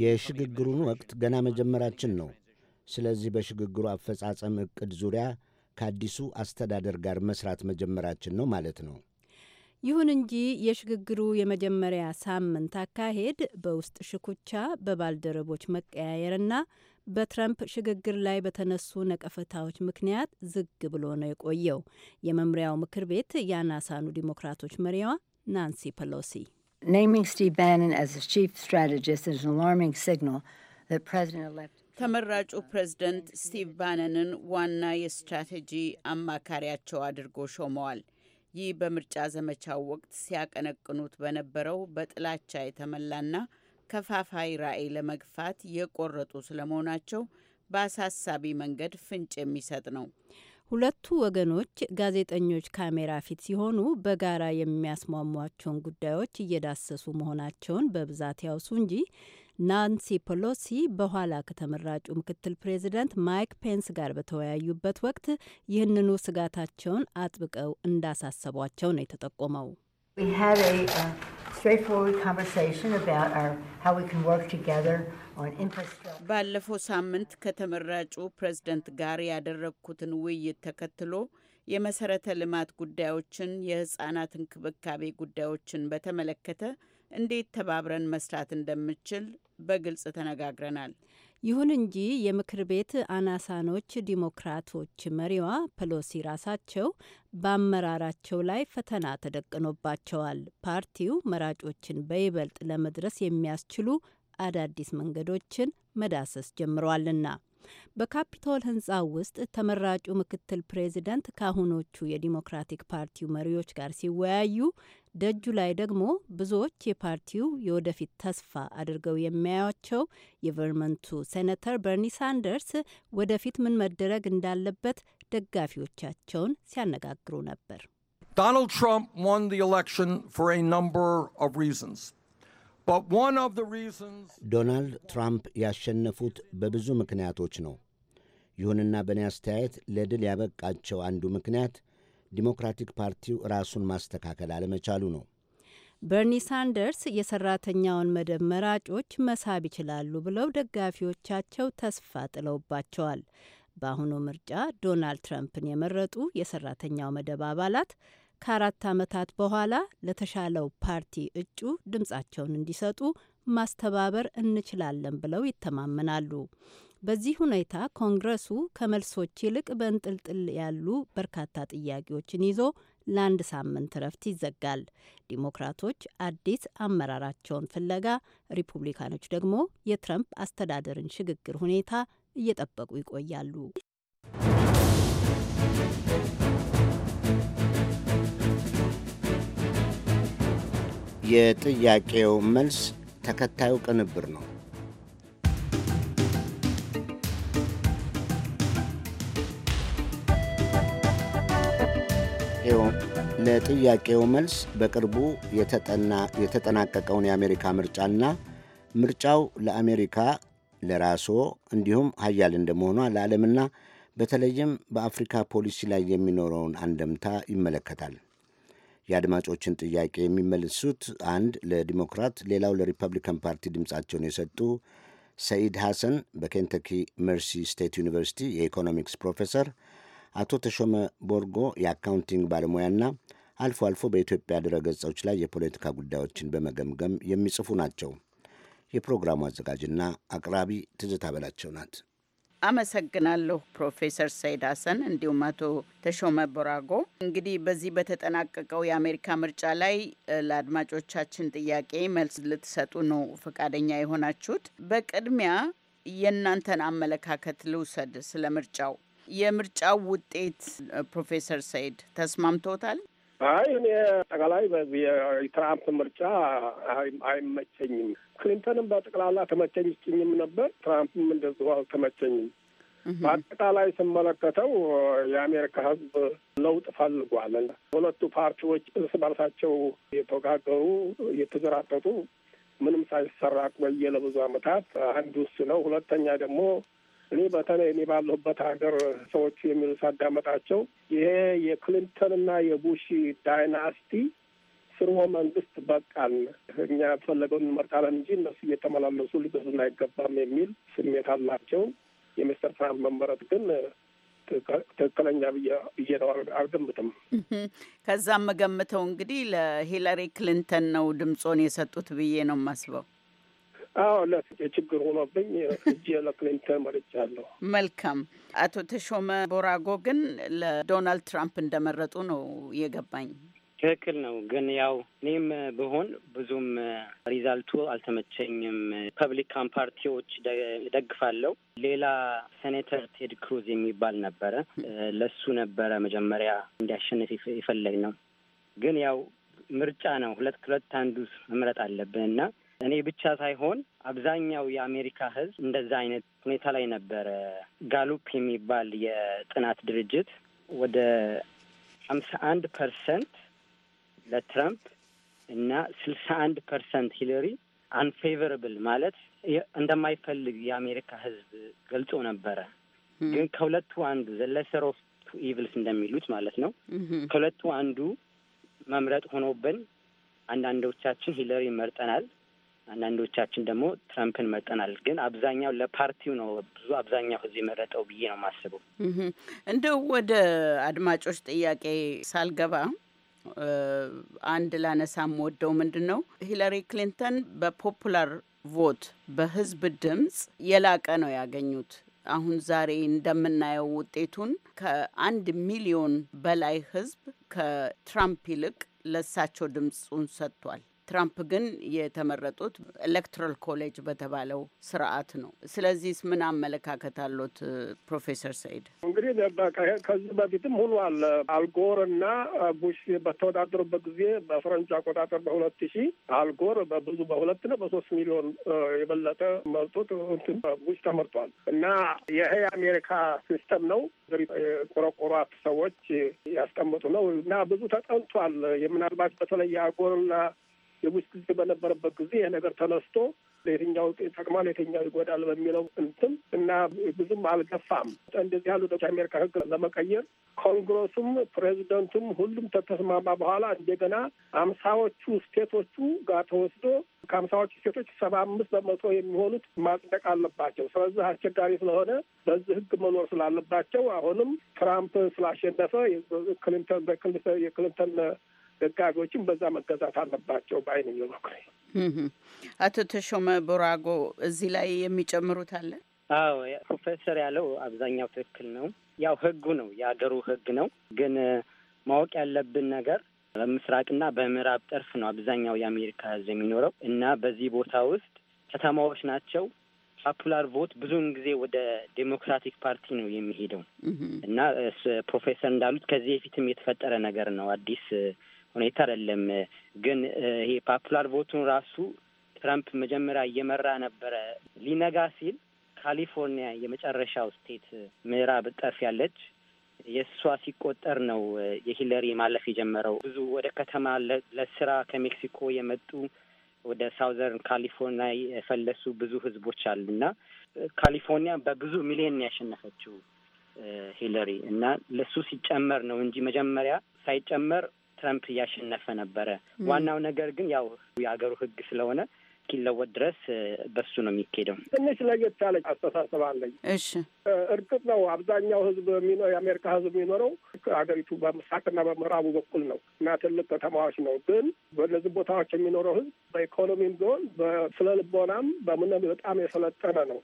የሽግግሩን ወቅት ገና መጀመራችን ነው። ስለዚህ በሽግግሩ አፈጻጸም እቅድ ዙሪያ ከአዲሱ አስተዳደር ጋር መስራት መጀመራችን ነው ማለት ነው። ይሁን እንጂ የሽግግሩ የመጀመሪያ ሳምንት አካሄድ በውስጥ ሽኩቻ፣ በባልደረቦች መቀያየርና በትረምፕ ሽግግር ላይ በተነሱ ነቀፈታዎች ምክንያት ዝግ ብሎ ነው የቆየው። የመምሪያው ምክር ቤት የአናሳኑ ዲሞክራቶች መሪዋ ናንሲ ፐሎሲ naming steve bannon as ተመራጩ ፕሬዝደንት ስቲቭ ባነንን ዋና የስትራቴጂ አማካሪያቸው አድርጎ ሾመዋል። ይህ በምርጫ ዘመቻው ወቅት ሲያቀነቅኑት በነበረው በጥላቻ የተሞላና ከፋፋይ ራዕይ ለመግፋት የቆረጡ ስለመሆናቸው በአሳሳቢ መንገድ ፍንጭ የሚሰጥ ነው። ሁለቱ ወገኖች ጋዜጠኞች ካሜራ ፊት ሲሆኑ በጋራ የሚያስማሟቸውን ጉዳዮች እየዳሰሱ መሆናቸውን በብዛት ያውሱ እንጂ ናንሲ ፔሎሲ በኋላ ከተመራጩ ምክትል ፕሬዚደንት ማይክ ፔንስ ጋር በተወያዩበት ወቅት ይህንኑ ስጋታቸውን አጥብቀው እንዳሳሰቧቸው ነው የተጠቆመው። uh, ባለፈው ሳምንት ከተመራጩ ፕሬዝደንት ጋር ያደረግኩትን ውይይት ተከትሎ የመሰረተ ልማት ጉዳዮችን፣ የህጻናት እንክብካቤ ጉዳዮችን በተመለከተ እንዴት ተባብረን መስራት እንደምችል በግልጽ ተነጋግረናል። ይሁን እንጂ የምክር ቤት አናሳኖች ዲሞክራቶች መሪዋ ፕሎሲ ራሳቸው በአመራራቸው ላይ ፈተና ተደቅኖባቸዋል። ፓርቲው መራጮችን በይበልጥ ለመድረስ የሚያስችሉ አዳዲስ መንገዶችን መዳሰስ ጀምሯልና በካፒቶል ሕንጻ ውስጥ ተመራጩ ምክትል ፕሬዚደንት ከአሁኖቹ የዲሞክራቲክ ፓርቲው መሪዎች ጋር ሲወያዩ ደጁ ላይ ደግሞ ብዙዎች የፓርቲው የወደፊት ተስፋ አድርገው የሚያያቸው የቨርመንቱ ሴኔተር በርኒ ሳንደርስ ወደፊት ምን መደረግ እንዳለበት ደጋፊዎቻቸውን ሲያነጋግሩ ነበር። ዶናልድ ትራምፕ ን ዘ ኤሌክሽን ፎር ኤ ነምበር ኦፍ ሪዝንስ ዶናልድ ትራምፕ ያሸነፉት በብዙ ምክንያቶች ነው። ይሁንና በእኔ አስተያየት ለድል ያበቃቸው አንዱ ምክንያት ዲሞክራቲክ ፓርቲው ራሱን ማስተካከል አለመቻሉ ነው። በርኒ ሳንደርስ የሰራተኛውን መደብ መራጮች መሳብ ይችላሉ ብለው ደጋፊዎቻቸው ተስፋ ጥለውባቸዋል። በአሁኑ ምርጫ ዶናልድ ትራምፕን የመረጡ የሰራተኛው መደብ አባላት ከአራት ዓመታት በኋላ ለተሻለው ፓርቲ እጩ ድምጻቸውን እንዲሰጡ ማስተባበር እንችላለን ብለው ይተማመናሉ። በዚህ ሁኔታ ኮንግረሱ ከመልሶች ይልቅ በእንጥልጥል ያሉ በርካታ ጥያቄዎችን ይዞ ለአንድ ሳምንት እረፍት ይዘጋል። ዲሞክራቶች አዲስ አመራራቸውን ፍለጋ፣ ሪፑብሊካኖች ደግሞ የትረምፕ አስተዳደርን ሽግግር ሁኔታ እየጠበቁ ይቆያሉ። የጥያቄው መልስ ተከታዩ ቅንብር ነው። ለጥያቄው መልስ በቅርቡ የተጠናቀቀውን የአሜሪካ ምርጫና ምርጫው ለአሜሪካ ለራስዎ እንዲሁም ሀያል እንደመሆኗ ለዓለምና በተለይም በአፍሪካ ፖሊሲ ላይ የሚኖረውን አንደምታ ይመለከታል። የአድማጮችን ጥያቄ የሚመልሱት አንድ ለዲሞክራት ሌላው ለሪፐብሊካን ፓርቲ ድምፃቸውን የሰጡ ሰኢድ ሐሰን በኬንተኪ መርሲ ስቴት ዩኒቨርሲቲ የኢኮኖሚክስ ፕሮፌሰር አቶ ተሾመ ቦርጎ የአካውንቲንግ ባለሙያና አልፎ አልፎ በኢትዮጵያ ድረ ድረገጾች ላይ የፖለቲካ ጉዳዮችን በመገምገም የሚጽፉ ናቸው። የፕሮግራሙ አዘጋጅና አቅራቢ ትዝታ በላቸው ናት። አመሰግናለሁ ፕሮፌሰር ሰይድ ሀሰን እንዲሁም አቶ ተሾመ ቦራጎ። እንግዲህ በዚህ በተጠናቀቀው የአሜሪካ ምርጫ ላይ ለአድማጮቻችን ጥያቄ መልስ ልትሰጡ ነው ፈቃደኛ የሆናችሁት። በቅድሚያ የእናንተን አመለካከት ልውሰድ ስለ ምርጫው። የምርጫው ውጤት ፕሮፌሰር ሰይድ ተስማምቶታል? አይ እኔ አጠቃላይ የትራምፕ ምርጫ አይመቸኝም። ክሊንተንም በጠቅላላ ተመቸኝችኝም ነበር፣ ትራምፕም እንደዚሁ አልተመቸኝም። በአጠቃላይ ስመለከተው የአሜሪካ ሕዝብ ለውጥ ፈልጓል። ሁለቱ ፓርቲዎች እርስ በርሳቸው የተወጋገሩ የተዘራጠጡ ምንም ሳይሰራ ቆየ ለብዙ ዓመታት። አንዱ እሱ ነው። ሁለተኛ ደግሞ እኔ በተለይ እኔ ባለሁበት ሀገር ሰዎች የሚሉት ሳዳመጣቸው ይሄ የክሊንተንና የቡሽ ዳይናስቲ ስርወ መንግስት በቃል እኛ ፈለገውን እንመርጣለን እንጂ እነሱ እየተመላለሱ ሊገዙን አይገባም የሚል ስሜት አላቸው። የሚስተር ትራምፕ መመረጥ ግን ትክክለኛ ብዬ ነው አልገምትም። ከዛም መገምተው እንግዲህ ለሂለሪ ክሊንተን ነው ድምፆን የሰጡት ብዬ ነው የማስበው። አዎ ችግር ሆኖብኝ እጅ ለክሊንተን መርጫለሁ። መልካም አቶ ተሾመ ቦራጎ ግን ለዶናልድ ትራምፕ እንደመረጡ ነው የገባኝ። ትክክል ነው። ግን ያው እኔም ብሆን ብዙም ሪዛልቱ አልተመቸኝም። ፐብሊካን ፓርቲዎች ደግፋለሁ። ሌላ ሴኔተር ቴድ ክሩዝ የሚባል ነበረ። ለሱ ነበረ መጀመሪያ እንዲያሸንፍ የፈለግ ነው። ግን ያው ምርጫ ነው። ሁለት ሁለት አንዱ መምረጥ አለብን እና እኔ ብቻ ሳይሆን አብዛኛው የአሜሪካ ህዝብ እንደዛ አይነት ሁኔታ ላይ ነበረ። ጋሉፕ የሚባል የጥናት ድርጅት ወደ ሀምሳ አንድ ፐርሰንት ለትራምፕ እና ስልሳ አንድ ፐርሰንት ሂለሪ አንፌቨርብል ማለት እንደማይፈልግ የአሜሪካ ህዝብ ገልጾ ነበረ። ግን ከሁለቱ አንዱ ዘ ኦፍ ቱ ኢቭልስ እንደሚሉት ማለት ነው ከሁለቱ አንዱ መምረጥ ሆኖብን አንዳንዶቻችን ሂለሪ መርጠናል፣ አንዳንዶቻችን ደግሞ ትራምፕን መጠናል። ግን አብዛኛው ለፓርቲው ነው ብዙ አብዛኛው ህዝብ የመረጠው ብዬ ነው ማስበው እንደው ወደ አድማጮች ጥያቄ ሳልገባ አንድ ላነሳም ወደው ምንድን ነው ሂላሪ ክሊንተን በፖፑላር ቮት በህዝብ ድምፅ የላቀ ነው ያገኙት። አሁን ዛሬ እንደምናየው ውጤቱን ከአንድ ሚሊዮን በላይ ህዝብ ከትራምፕ ይልቅ ለሳቸው ድምፁን ሰጥቷል። ትራምፕ ግን የተመረጡት ኤሌክትራል ኮሌጅ በተባለው ስርዓት ነው። ስለዚህ ምን አመለካከት አሎት ፕሮፌሰር ሰይድ? እንግዲህ ከዚህ በፊትም ሁሉ አለ አልጎር እና ቡሽ በተወዳደሩበት ጊዜ በፈረንጅ አቆጣጠር በሁለት ሺ አልጎር በብዙ በሁለት ነው በሶስት ሚሊዮን የበለጠ መርጡት ቡሽ ተመርጧል እና ይሄ የአሜሪካ ሲስተም ነው። የቆረቆሯት ሰዎች ያስቀምጡ ነው እና ብዙ ተጠንቷል። ምናልባት በተለይ አልጎርና የቡሽ ጊዜ በነበረበት ጊዜ ይህ ነገር ተነስቶ ለየትኛው ጠቅማል የትኛው ይጎዳል በሚለው እንትም እና ብዙም አልገፋም። እንደዚህ ያሉ አሜሪካ ህግ ለመቀየር ኮንግረሱም ፕሬዚደንቱም ሁሉም ተተስማማ በኋላ እንደገና አምሳዎቹ ስቴቶቹ ጋር ተወስዶ ከአምሳዎቹ ስቴቶች ሰባ አምስት በመቶ የሚሆኑት ማጽደቅ አለባቸው። ስለዚህ አስቸጋሪ ስለሆነ በዚህ ህግ መኖር ስላለባቸው አሁንም ትራምፕ ስላሸነፈ ክሊንተን በክሊንተን የክሊንተን ዘጋቢዎችም በዛ መገዛት አለባቸው በአይን የሚመክሬ አቶ ተሾመ ቦራጎ እዚህ ላይ የሚጨምሩት አለ? አዎ ፕሮፌሰር ያለው አብዛኛው ትክክል ነው። ያው ህጉ ነው የሀገሩ ህግ ነው። ግን ማወቅ ያለብን ነገር በምስራቅና በምዕራብ ጠርፍ ነው አብዛኛው የአሜሪካ ህዝብ የሚኖረው እና በዚህ ቦታ ውስጥ ከተማዎች ናቸው። ፖፑላር ቮት ብዙውን ጊዜ ወደ ዴሞክራቲክ ፓርቲ ነው የሚሄደው እና ፕሮፌሰር እንዳሉት ከዚህ በፊትም የተፈጠረ ነገር ነው አዲስ ሁኔታ አይደለም። ግን ይሄ ፓፑላር ቮቱን ራሱ ትራምፕ መጀመሪያ እየመራ ነበረ። ሊነጋ ሲል ካሊፎርኒያ የመጨረሻው ስቴት ምዕራብ ጠርፍ ያለች የእሷ ሲቆጠር ነው የሂለሪ ማለፍ የጀመረው። ብዙ ወደ ከተማ ለስራ ከሜክሲኮ የመጡ ወደ ሳውዘርን ካሊፎርኒያ የፈለሱ ብዙ ህዝቦች አሉ እና ካሊፎርኒያ በብዙ ሚሊዮን ያሸነፈችው ሂለሪ እና ለሱ ሲጨመር ነው እንጂ መጀመሪያ ሳይጨመር ትራምፕ እያሸነፈ ነበረ። ዋናው ነገር ግን ያው የሀገሩ ህግ ስለሆነ እስኪለወጥ ድረስ በሱ ነው የሚካሄደው። ትንሽ ለየት ያለ አስተሳሰብ አለኝ። እሺ፣ እርግጥ ነው አብዛኛው ህዝብ የአሜሪካ ህዝብ የሚኖረው ሀገሪቱ በምስራቅና በምዕራቡ በኩል ነው እና ትልቅ ከተማዎች ነው። ግን በእነዚህ ቦታዎች የሚኖረው ህዝብ በኢኮኖሚም ቢሆን በስነ ልቦናም በምንም በጣም የሰለጠነ ነው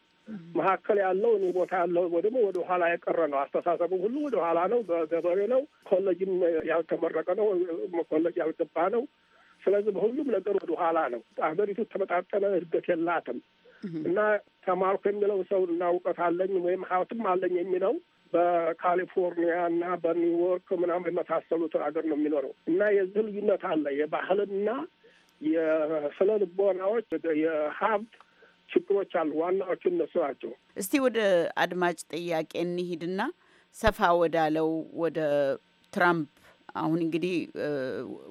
መካከል ያለው እኔ ቦታ ያለው ደግሞ ወደ ኋላ የቀረ ነው። አስተሳሰቡ ሁሉ ወደ ኋላ ነው። በገበሬ ነው። ኮሌጅም ያልተመረቀ ነው። ኮሌጅ ያልገባ ነው። ስለዚህ በሁሉም ነገር ወደ ኋላ ነው። አገሪቱ ተመጣጠነ እድገት የላትም እና ተማርኩ የሚለው ሰው እና እውቀት አለኝ ወይም ሀብትም አለኝ የሚለው በካሊፎርኒያ እና በኒውዮርክ ምናምን የመሳሰሉት ሀገር ነው የሚኖረው እና የዚህ ልዩነት አለ የባህልና የስነ ልቦናዎች የሀብት ችግሮች አሉ። ዋናዎቹ እነሱ ናቸው። እስቲ ወደ አድማጭ ጥያቄ እንሂድና ሰፋ ወዳለው ወደ ትራምፕ አሁን እንግዲህ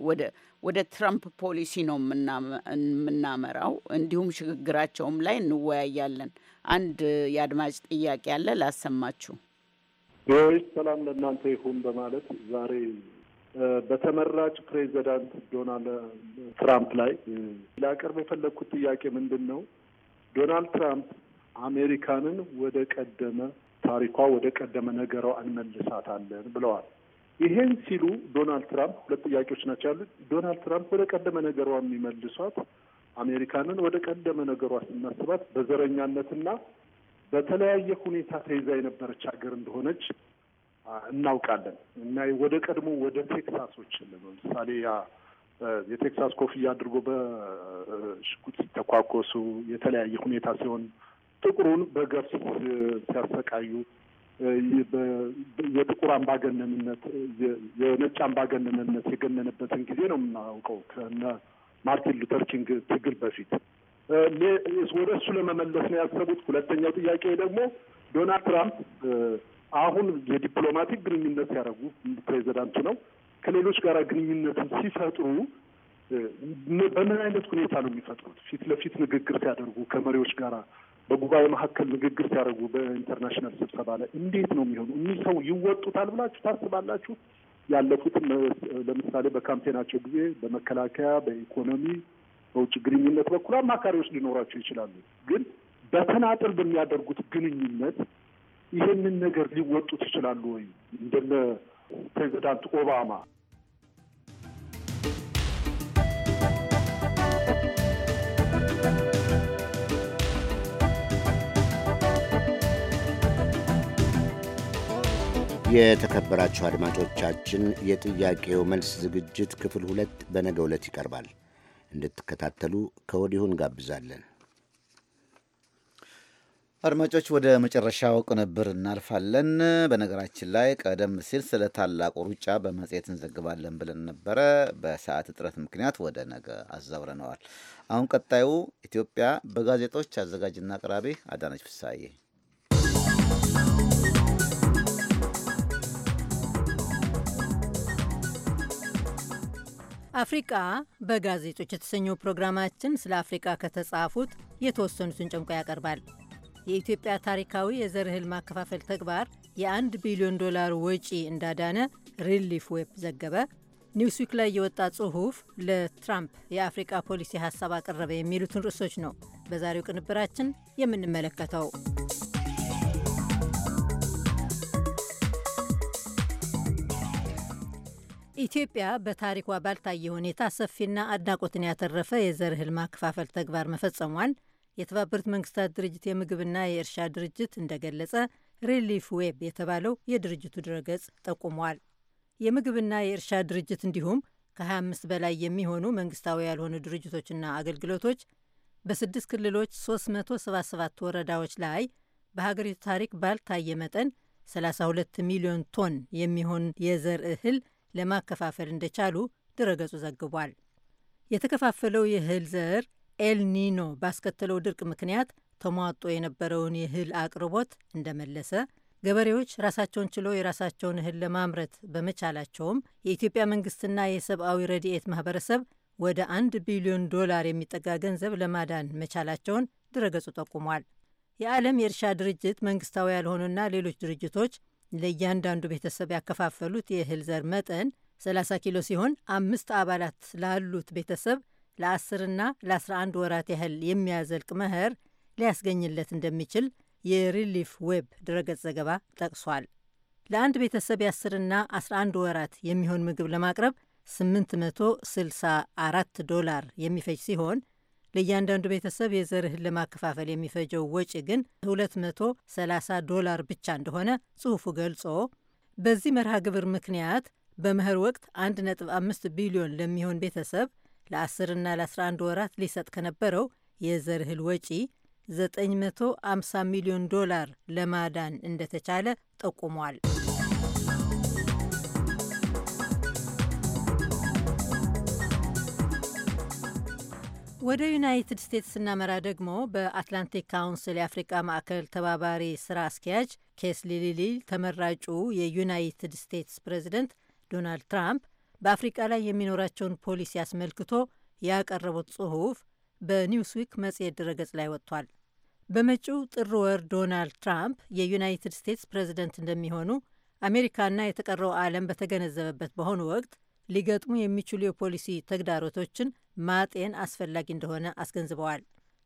ወደ ወደ ትራምፕ ፖሊሲ ነው የምናመራው። እንዲሁም ሽግግራቸውም ላይ እንወያያለን። አንድ የአድማጭ ጥያቄ አለ ላሰማችሁ። ቪኦኤዎች ሰላም ለእናንተ ይሁን በማለት ዛሬ በተመራጭ ፕሬዚዳንት ዶናልድ ትራምፕ ላይ ላቀርብ የፈለግኩት ጥያቄ ምንድን ነው? ዶናልድ ትራምፕ አሜሪካንን ወደ ቀደመ ታሪኳ ወደ ቀደመ ነገሯ እንመልሳታለን ብለዋል። ይሄን ሲሉ ዶናልድ ትራምፕ ሁለት ጥያቄዎች ናቸው ያሉት። ዶናልድ ትራምፕ ወደ ቀደመ ነገሯ የሚመልሷት አሜሪካንን ወደ ቀደመ ነገሯ ስናስባት በዘረኛነትና በተለያየ ሁኔታ ተይዛ የነበረች ሀገር እንደሆነች እናውቃለን እና ወደ ቀድሞ ወደ ቴክሳሶች ለምሳሌ ያ የቴክሳስ ኮፍያ አድርጎ በሽጉጥ ሲተኳኮሱ የተለያየ ሁኔታ ሲሆን ጥቁሩን በገፍ ሲያሰቃዩ የጥቁር አምባገነንነት የነጭ አምባገነንነት የገነነበትን ጊዜ ነው የምናውቀው ከነ ማርቲን ሉተር ኪንግ ትግል በፊት ወደ እሱ ለመመለስ ነው ያሰቡት። ሁለተኛው ጥያቄ ደግሞ ዶናልድ ትራምፕ አሁን የዲፕሎማቲክ ግንኙነት ሲያደርጉ ፕሬዚዳንቱ ነው ከሌሎች ጋር ግንኙነትን ሲፈጥሩ በምን አይነት ሁኔታ ነው የሚፈጥሩት? ፊት ለፊት ንግግር ሲያደርጉ ከመሪዎች ጋራ በጉባኤ መካከል ንግግር ሲያደርጉ በኢንተርናሽናል ስብሰባ ላይ እንዴት ነው የሚሆኑ? እኚህ ሰው ይወጡታል ብላችሁ ታስባላችሁ? ያለፉትን ለምሳሌ በካምፔናቸው ጊዜ በመከላከያ፣ በኢኮኖሚ፣ በውጭ ግንኙነት በኩል አማካሪዎች ሊኖራቸው ይችላሉ። ግን በተናጠል በሚያደርጉት ግንኙነት ይሄንን ነገር ሊወጡት ይችላሉ ወይ እንደነ ፕሬዚዳንት ኦባማ የተከበራችሁ አድማጮቻችን የጥያቄው መልስ ዝግጅት ክፍል ሁለት በነገ ዕለት ይቀርባል። እንድትከታተሉ ከወዲሁ እንጋብዛለን። አድማጮች ወደ መጨረሻው ቅንብር እናልፋለን። በነገራችን ላይ ቀደም ሲል ስለ ታላቁ ሩጫ በመጽሔት እንዘግባለን ብለን ነበረ። በሰዓት እጥረት ምክንያት ወደ ነገ አዛውረነዋል። አሁን ቀጣዩ ኢትዮጵያ በጋዜጦች አዘጋጅና አቅራቢ አዳነች ፍሳዬ። አፍሪቃ በጋዜጦች የተሰኘው ፕሮግራማችን ስለ አፍሪቃ ከተጻፉት የተወሰኑትን ጨምቆ ያቀርባል። የኢትዮጵያ ታሪካዊ የዘር እህል ማከፋፈል ተግባር የአንድ ቢሊዮን ዶላር ወጪ እንዳዳነ ሪሊፍ ዌብ ዘገበ። ኒውስዊክ ላይ የወጣ ጽሑፍ ለትራምፕ የአፍሪቃ ፖሊሲ ሀሳብ አቀረበ የሚሉትን ርዕሶች ነው በዛሬው ቅንብራችን የምንመለከተው። ኢትዮጵያ በታሪኳ ባልታየ ሁኔታ ሰፊና አድናቆትን ያተረፈ የዘር እህል ማከፋፈል ተግባር መፈጸሟን የተባበሩት መንግስታት ድርጅት የምግብና የእርሻ ድርጅት እንደገለጸ ሪሊፍ ዌብ የተባለው የድርጅቱ ድረገጽ ጠቁሟል። የምግብና የእርሻ ድርጅት እንዲሁም ከ25 በላይ የሚሆኑ መንግስታዊ ያልሆኑ ድርጅቶችና አገልግሎቶች በስድስት ክልሎች 377 ወረዳዎች ላይ በሀገሪቱ ታሪክ ባልታየ መጠን 32 ሚሊዮን ቶን የሚሆን የዘር እህል ለማከፋፈል እንደቻሉ ድረገጹ ዘግቧል። የተከፋፈለው የእህል ዘር ኤልኒኖ ባስከተለው ድርቅ ምክንያት ተሟጦ የነበረውን የእህል አቅርቦት እንደመለሰ፣ ገበሬዎች ራሳቸውን ችለው የራሳቸውን እህል ለማምረት በመቻላቸውም የኢትዮጵያ መንግስትና የሰብአዊ ረድኤት ማህበረሰብ ወደ አንድ ቢሊዮን ዶላር የሚጠጋ ገንዘብ ለማዳን መቻላቸውን ድረገጹ ጠቁሟል። የዓለም የእርሻ ድርጅት መንግስታዊ ያልሆኑና ሌሎች ድርጅቶች ለእያንዳንዱ ቤተሰብ ያከፋፈሉት የእህል ዘር መጠን 30 ኪሎ ሲሆን አምስት አባላት ላሉት ቤተሰብ ለአስርና ለ11 ወራት ያህል የሚያዘልቅ መኸር ሊያስገኝለት እንደሚችል የሪሊፍ ዌብ ድረገጽ ዘገባ ጠቅሷል። ለአንድ ቤተሰብ የአስርና 10 11 ወራት የሚሆን ምግብ ለማቅረብ 864 ዶላር የሚፈጅ ሲሆን ለእያንዳንዱ ቤተሰብ የዘርህን ለማከፋፈል የሚፈጀው ወጪ ግን 230 ዶላር ብቻ እንደሆነ ጽሑፉ ገልጾ በዚህ መርሃ ግብር ምክንያት በመኸር ወቅት 1.5 ቢሊዮን ለሚሆን ቤተሰብ ለ10ና ለ11 ወራት ሊሰጥ ከነበረው የዘር እህል ወጪ 950 ሚሊዮን ዶላር ለማዳን እንደተቻለ ጠቁሟል። ወደ ዩናይትድ ስቴትስ ስናመራ ደግሞ በአትላንቲክ ካውንስል የአፍሪቃ ማዕከል ተባባሪ ስራ አስኪያጅ ኬስሊ ሊሊ ተመራጩ የዩናይትድ ስቴትስ ፕሬዚደንት ዶናልድ ትራምፕ በአፍሪቃ ላይ የሚኖራቸውን ፖሊሲ አስመልክቶ ያቀረቡት ጽሑፍ በኒውስዊክ መጽሔት ድረገጽ ላይ ወጥቷል። በመጪው ጥር ወር ዶናልድ ትራምፕ የዩናይትድ ስቴትስ ፕሬዝደንት እንደሚሆኑ አሜሪካና የተቀረው ዓለም በተገነዘበበት በአሁኑ ወቅት ሊገጥሙ የሚችሉ የፖሊሲ ተግዳሮቶችን ማጤን አስፈላጊ እንደሆነ አስገንዝበዋል።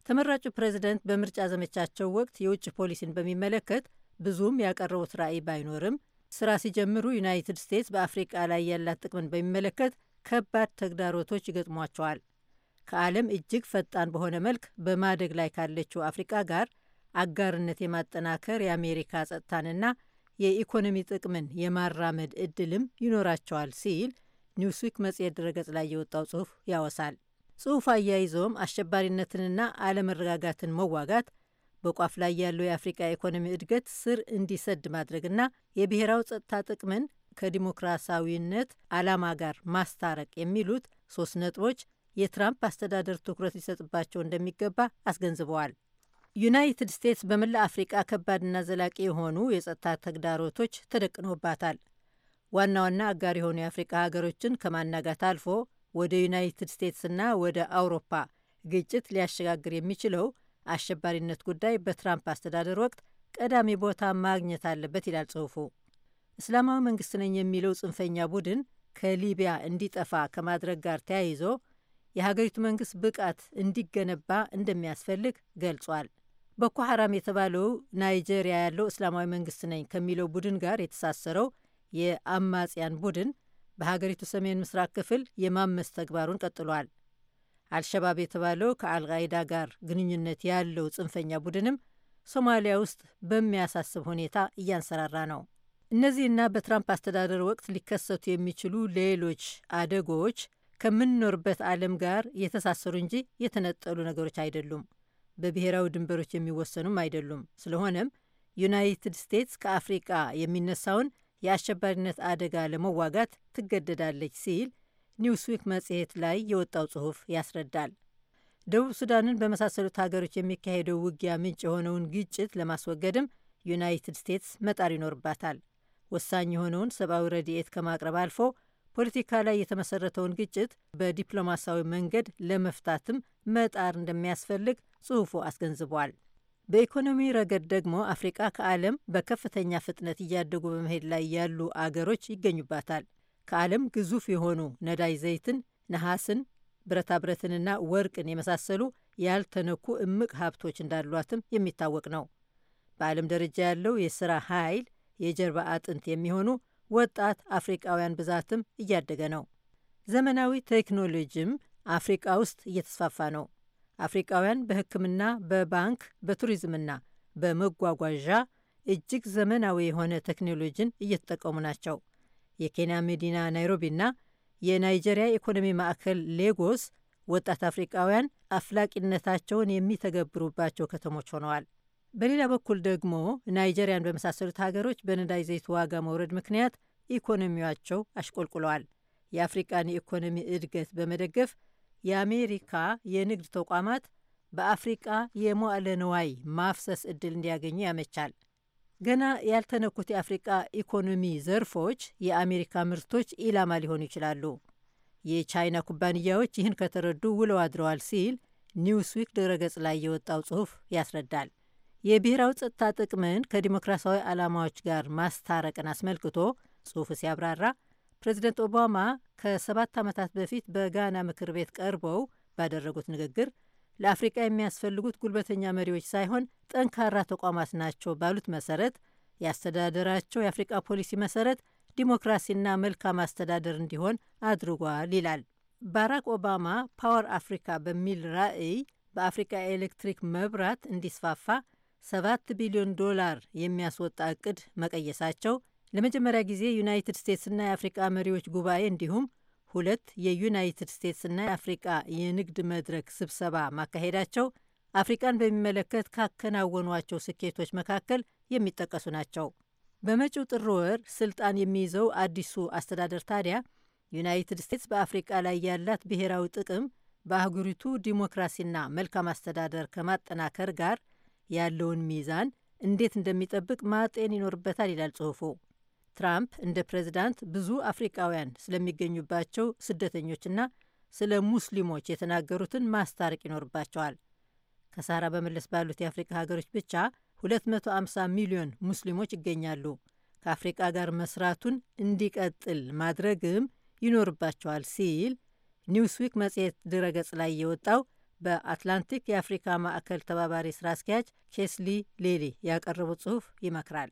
ተመራጩ ፕሬዝደንት በምርጫ ዘመቻቸው ወቅት የውጭ ፖሊሲን በሚመለከት ብዙም ያቀረቡት ራዕይ ባይኖርም ስራ ሲጀምሩ ዩናይትድ ስቴትስ በአፍሪቃ ላይ ያላት ጥቅምን በሚመለከት ከባድ ተግዳሮቶች ይገጥሟቸዋል። ከዓለም እጅግ ፈጣን በሆነ መልክ በማደግ ላይ ካለችው አፍሪቃ ጋር አጋርነት የማጠናከር የአሜሪካ ጸጥታንና የኢኮኖሚ ጥቅምን የማራመድ እድልም ይኖራቸዋል ሲል ኒውስዊክ መጽሔት ድረገጽ ላይ የወጣው ጽሑፍ ያወሳል። ጽሑፍ አያይዞም አሸባሪነትንና አለመረጋጋትን መዋጋት በቋፍ ላይ ያለው የአፍሪቃ ኢኮኖሚ እድገት ስር እንዲሰድ ማድረግና የብሔራዊ ጸጥታ ጥቅምን ከዲሞክራሲያዊነት ዓላማ ጋር ማስታረቅ የሚሉት ሶስት ነጥቦች የትራምፕ አስተዳደር ትኩረት ሊሰጥባቸው እንደሚገባ አስገንዝበዋል። ዩናይትድ ስቴትስ በመላ አፍሪቃ ከባድና ዘላቂ የሆኑ የጸጥታ ተግዳሮቶች ተደቅኖባታል። ዋና ዋና አጋር የሆኑ የአፍሪቃ ሀገሮችን ከማናጋት አልፎ ወደ ዩናይትድ ስቴትስና ወደ አውሮፓ ግጭት ሊያሸጋግር የሚችለው አሸባሪነት ጉዳይ በትራምፕ አስተዳደር ወቅት ቀዳሚ ቦታ ማግኘት አለበት ይላል ጽሑፉ። እስላማዊ መንግስት ነኝ የሚለው ጽንፈኛ ቡድን ከሊቢያ እንዲጠፋ ከማድረግ ጋር ተያይዞ የሀገሪቱ መንግስት ብቃት እንዲገነባ እንደሚያስፈልግ ገልጿል። ቦኮ ሐራም የተባለው ናይጄሪያ ያለው እስላማዊ መንግስት ነኝ ከሚለው ቡድን ጋር የተሳሰረው የአማጽያን ቡድን በሀገሪቱ ሰሜን ምስራቅ ክፍል የማመስ ተግባሩን ቀጥሏል። አልሸባብ የተባለው ከአልቃይዳ ጋር ግንኙነት ያለው ጽንፈኛ ቡድንም ሶማሊያ ውስጥ በሚያሳስብ ሁኔታ እያንሰራራ ነው። እነዚህና በትራምፕ አስተዳደር ወቅት ሊከሰቱ የሚችሉ ሌሎች አደጎዎች ከምንኖርበት ዓለም ጋር የተሳሰሩ እንጂ የተነጠሉ ነገሮች አይደሉም። በብሔራዊ ድንበሮች የሚወሰኑም አይደሉም። ስለሆነም ዩናይትድ ስቴትስ ከአፍሪቃ የሚነሳውን የአሸባሪነት አደጋ ለመዋጋት ትገደዳለች ሲል ኒውስዊክ መጽሔት ላይ የወጣው ጽሑፍ ያስረዳል። ደቡብ ሱዳንን በመሳሰሉት ሀገሮች የሚካሄደው ውጊያ ምንጭ የሆነውን ግጭት ለማስወገድም ዩናይትድ ስቴትስ መጣር ይኖርባታል። ወሳኝ የሆነውን ሰብአዊ ረድኤት ከማቅረብ አልፎ ፖለቲካ ላይ የተመሰረተውን ግጭት በዲፕሎማሲያዊ መንገድ ለመፍታትም መጣር እንደሚያስፈልግ ጽሑፉ አስገንዝቧል። በኢኮኖሚ ረገድ ደግሞ አፍሪቃ ከዓለም በከፍተኛ ፍጥነት እያደጉ በመሄድ ላይ ያሉ አገሮች ይገኙባታል። ከዓለም ግዙፍ የሆኑ ነዳጅ ዘይትን፣ ነሐስን፣ ብረታ ብረትንና ወርቅን የመሳሰሉ ያልተነኩ እምቅ ሀብቶች እንዳሏትም የሚታወቅ ነው። በዓለም ደረጃ ያለው የሥራ ኃይል የጀርባ አጥንት የሚሆኑ ወጣት አፍሪቃውያን ብዛትም እያደገ ነው። ዘመናዊ ቴክኖሎጂም አፍሪቃ ውስጥ እየተስፋፋ ነው። አፍሪቃውያን በሕክምና፣ በባንክ፣ በቱሪዝምና በመጓጓዣ እጅግ ዘመናዊ የሆነ ቴክኖሎጂን እየተጠቀሙ ናቸው። የኬንያ መዲና ናይሮቢና የናይጄሪያ ኢኮኖሚ ማዕከል ሌጎስ ወጣት አፍሪቃውያን አፍላቂነታቸውን የሚተገብሩባቸው ከተሞች ሆነዋል። በሌላ በኩል ደግሞ ናይጄሪያን በመሳሰሉት ሀገሮች በነዳጅ ዘይት ዋጋ መውረድ ምክንያት ኢኮኖሚያቸው አሽቆልቁለዋል። የአፍሪቃን የኢኮኖሚ እድገት በመደገፍ የአሜሪካ የንግድ ተቋማት በአፍሪቃ የመዋለ ማፍሰስ እድል እንዲያገኙ ያመቻል። ገና ያልተነኩት የአፍሪቃ ኢኮኖሚ ዘርፎች የአሜሪካ ምርቶች ኢላማ ሊሆኑ ይችላሉ። የቻይና ኩባንያዎች ይህን ከተረዱ ውለው አድረዋል ሲል ኒውስዊክ ድረገጽ ላይ የወጣው ጽሑፍ ያስረዳል። የብሔራዊ ጸጥታ ጥቅምን ከዲሞክራሲያዊ ዓላማዎች ጋር ማስታረቅን አስመልክቶ ጽሑፍ ሲያብራራ ፕሬዚደንት ኦባማ ከሰባት ዓመታት በፊት በጋና ምክር ቤት ቀርበው ባደረጉት ንግግር ለአፍሪቃ የሚያስፈልጉት ጉልበተኛ መሪዎች ሳይሆን ጠንካራ ተቋማት ናቸው ባሉት መሰረት የአስተዳደራቸው የአፍሪቃ ፖሊሲ መሰረት ዲሞክራሲና መልካም አስተዳደር እንዲሆን አድርጓል ይላል። ባራክ ኦባማ ፓወር አፍሪካ በሚል ራዕይ በአፍሪካ ኤሌክትሪክ መብራት እንዲስፋፋ ሰባት ቢሊዮን ዶላር የሚያስወጣ እቅድ መቀየሳቸው ለመጀመሪያ ጊዜ ዩናይትድ ስቴትስና የአፍሪቃ መሪዎች ጉባኤ እንዲሁም ሁለት የዩናይትድ ስቴትስና የአፍሪቃ የንግድ መድረክ ስብሰባ ማካሄዳቸው አፍሪቃን በሚመለከት ካከናወኗቸው ስኬቶች መካከል የሚጠቀሱ ናቸው። በመጪው ጥር ወር ስልጣን የሚይዘው አዲሱ አስተዳደር ታዲያ ዩናይትድ ስቴትስ በአፍሪቃ ላይ ያላት ብሔራዊ ጥቅም በአህጉሪቱ ዲሞክራሲና መልካም አስተዳደር ከማጠናከር ጋር ያለውን ሚዛን እንዴት እንደሚጠብቅ ማጤን ይኖርበታል ይላል ጽሑፉ። ትራምፕ እንደ ፕሬዚዳንት ብዙ አፍሪቃውያን ስለሚገኙባቸው ስደተኞችና ስለ ሙስሊሞች የተናገሩትን ማስታረቅ ይኖርባቸዋል። ከሳራ በመለስ ባሉት የአፍሪካ ሀገሮች ብቻ 250 ሚሊዮን ሙስሊሞች ይገኛሉ። ከአፍሪቃ ጋር መስራቱን እንዲቀጥል ማድረግም ይኖርባቸዋል ሲል ኒውስዊክ መጽሔት ድረገጽ ላይ የወጣው በአትላንቲክ የአፍሪካ ማዕከል ተባባሪ ስራ አስኪያጅ ኬስሊ ሌሊ ያቀረቡት ጽሑፍ ይመክራል።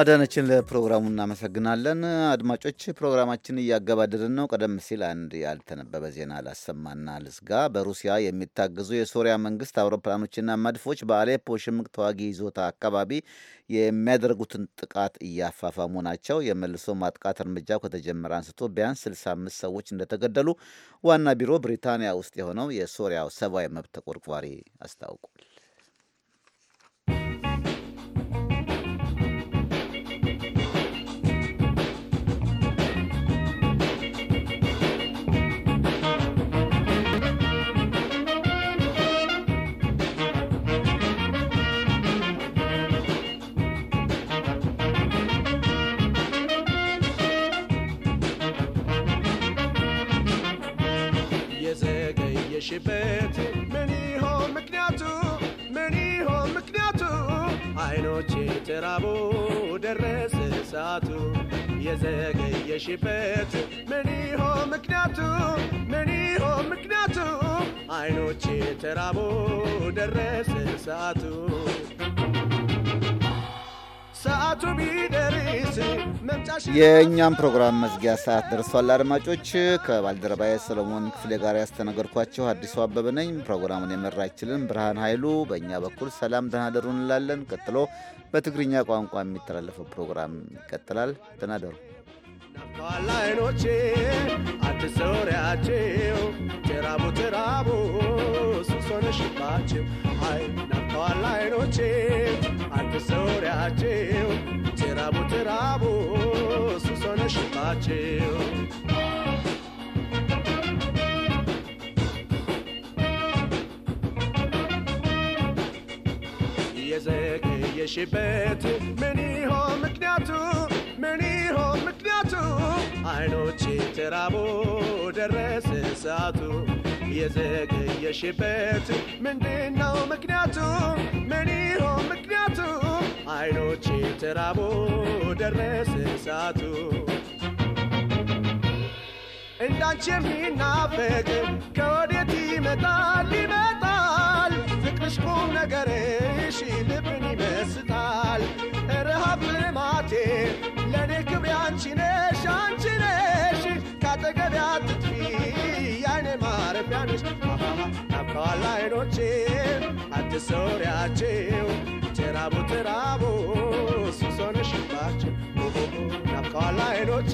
አዳነችን ለፕሮግራሙ እናመሰግናለን። አድማጮች ፕሮግራማችን እያገባደድን ነው። ቀደም ሲል አንድ ያልተነበበ ዜና ላሰማና ልዝጋ። በሩሲያ የሚታገዙ የሶሪያ መንግስት አውሮፕላኖችና መድፎች በአሌፖ ሽምቅ ተዋጊ ይዞታ አካባቢ የሚያደርጉትን ጥቃት እያፋፋሙ ናቸው። የመልሶ ማጥቃት እርምጃው ከተጀመረ አንስቶ ቢያንስ 65 ሰዎች እንደተገደሉ ዋና ቢሮ ብሪታንያ ውስጥ የሆነው የሶሪያው ሰብአዊ መብት ተቆርቋሪ አስታውቋል። ያልሽበት ምንሆ ምክንያቱ? ምንሆ ምክንያቱ? አይኖቼ ተራቦ ደረሰ ሰዓቱ የዘገየሽበት ምንሆ ምክንያቱ? ምንሆ ይሆን ምክንያቱ? አይኖቼ ተራቦ ደረሰ ሰዓቱ ሰዓቱ ቢ የእኛም ፕሮግራም መዝጊያ ሰዓት ደርሷል። አድማጮች ከባልደረባዬ ሰለሞን ክፍሌ ጋር ያስተናገድኳቸው አዲሱ አበበ ነኝ። ፕሮግራሙን የመራችልን ብርሃን ኃይሉ። በእኛ በኩል ሰላም ደህና ደሩ እንላለን። ቀጥሎ በትግርኛ ቋንቋ የሚተላለፈው ፕሮግራም ይቀጥላል። ደህና ደሩ። ናፍቀዋል አይኖቼ ሱሶነሽባቸው አይ ናፍቀዋል አይኖቼ ትራቡ ትራቡ ሱስ ሆነሽባቸው የዘገየሽበት ምን ይሆን ምክንያቱ? ምን ይሆን ምክንያቱ? አይኖች ትራቡ ደረሰ ሰዓቱ የዘገየሽበት ምንድነው ምክንያቱ? ምን ይሆን ምክንያቱ? አይኖች ተራቦ ደረሰ ሰዓቱ። እንዳንቺ የሚናፈቅ ከወዴት ይመጣል ይመጣል ፍቅርሽ ቁም ነገርሽ ልብን ይመስጣል ረሃብ ልማቴ ለእኔ ክብሬ አንቺ ነሽ አንቺ ነሽ ካጠገቤ ስለሚያንስ ናብቀዋል አይኖቼ አዲስ ሶሪያቸው ጀራቡ ትራቡ ሱሶንሽባቸው ናብቀዋል አይኖቼ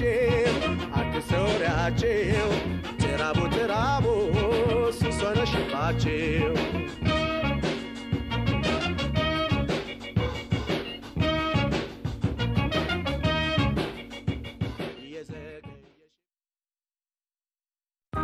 አዲስ ሶሪያቸው ጀራቡ ትራቡ ሱሶንሽባቸው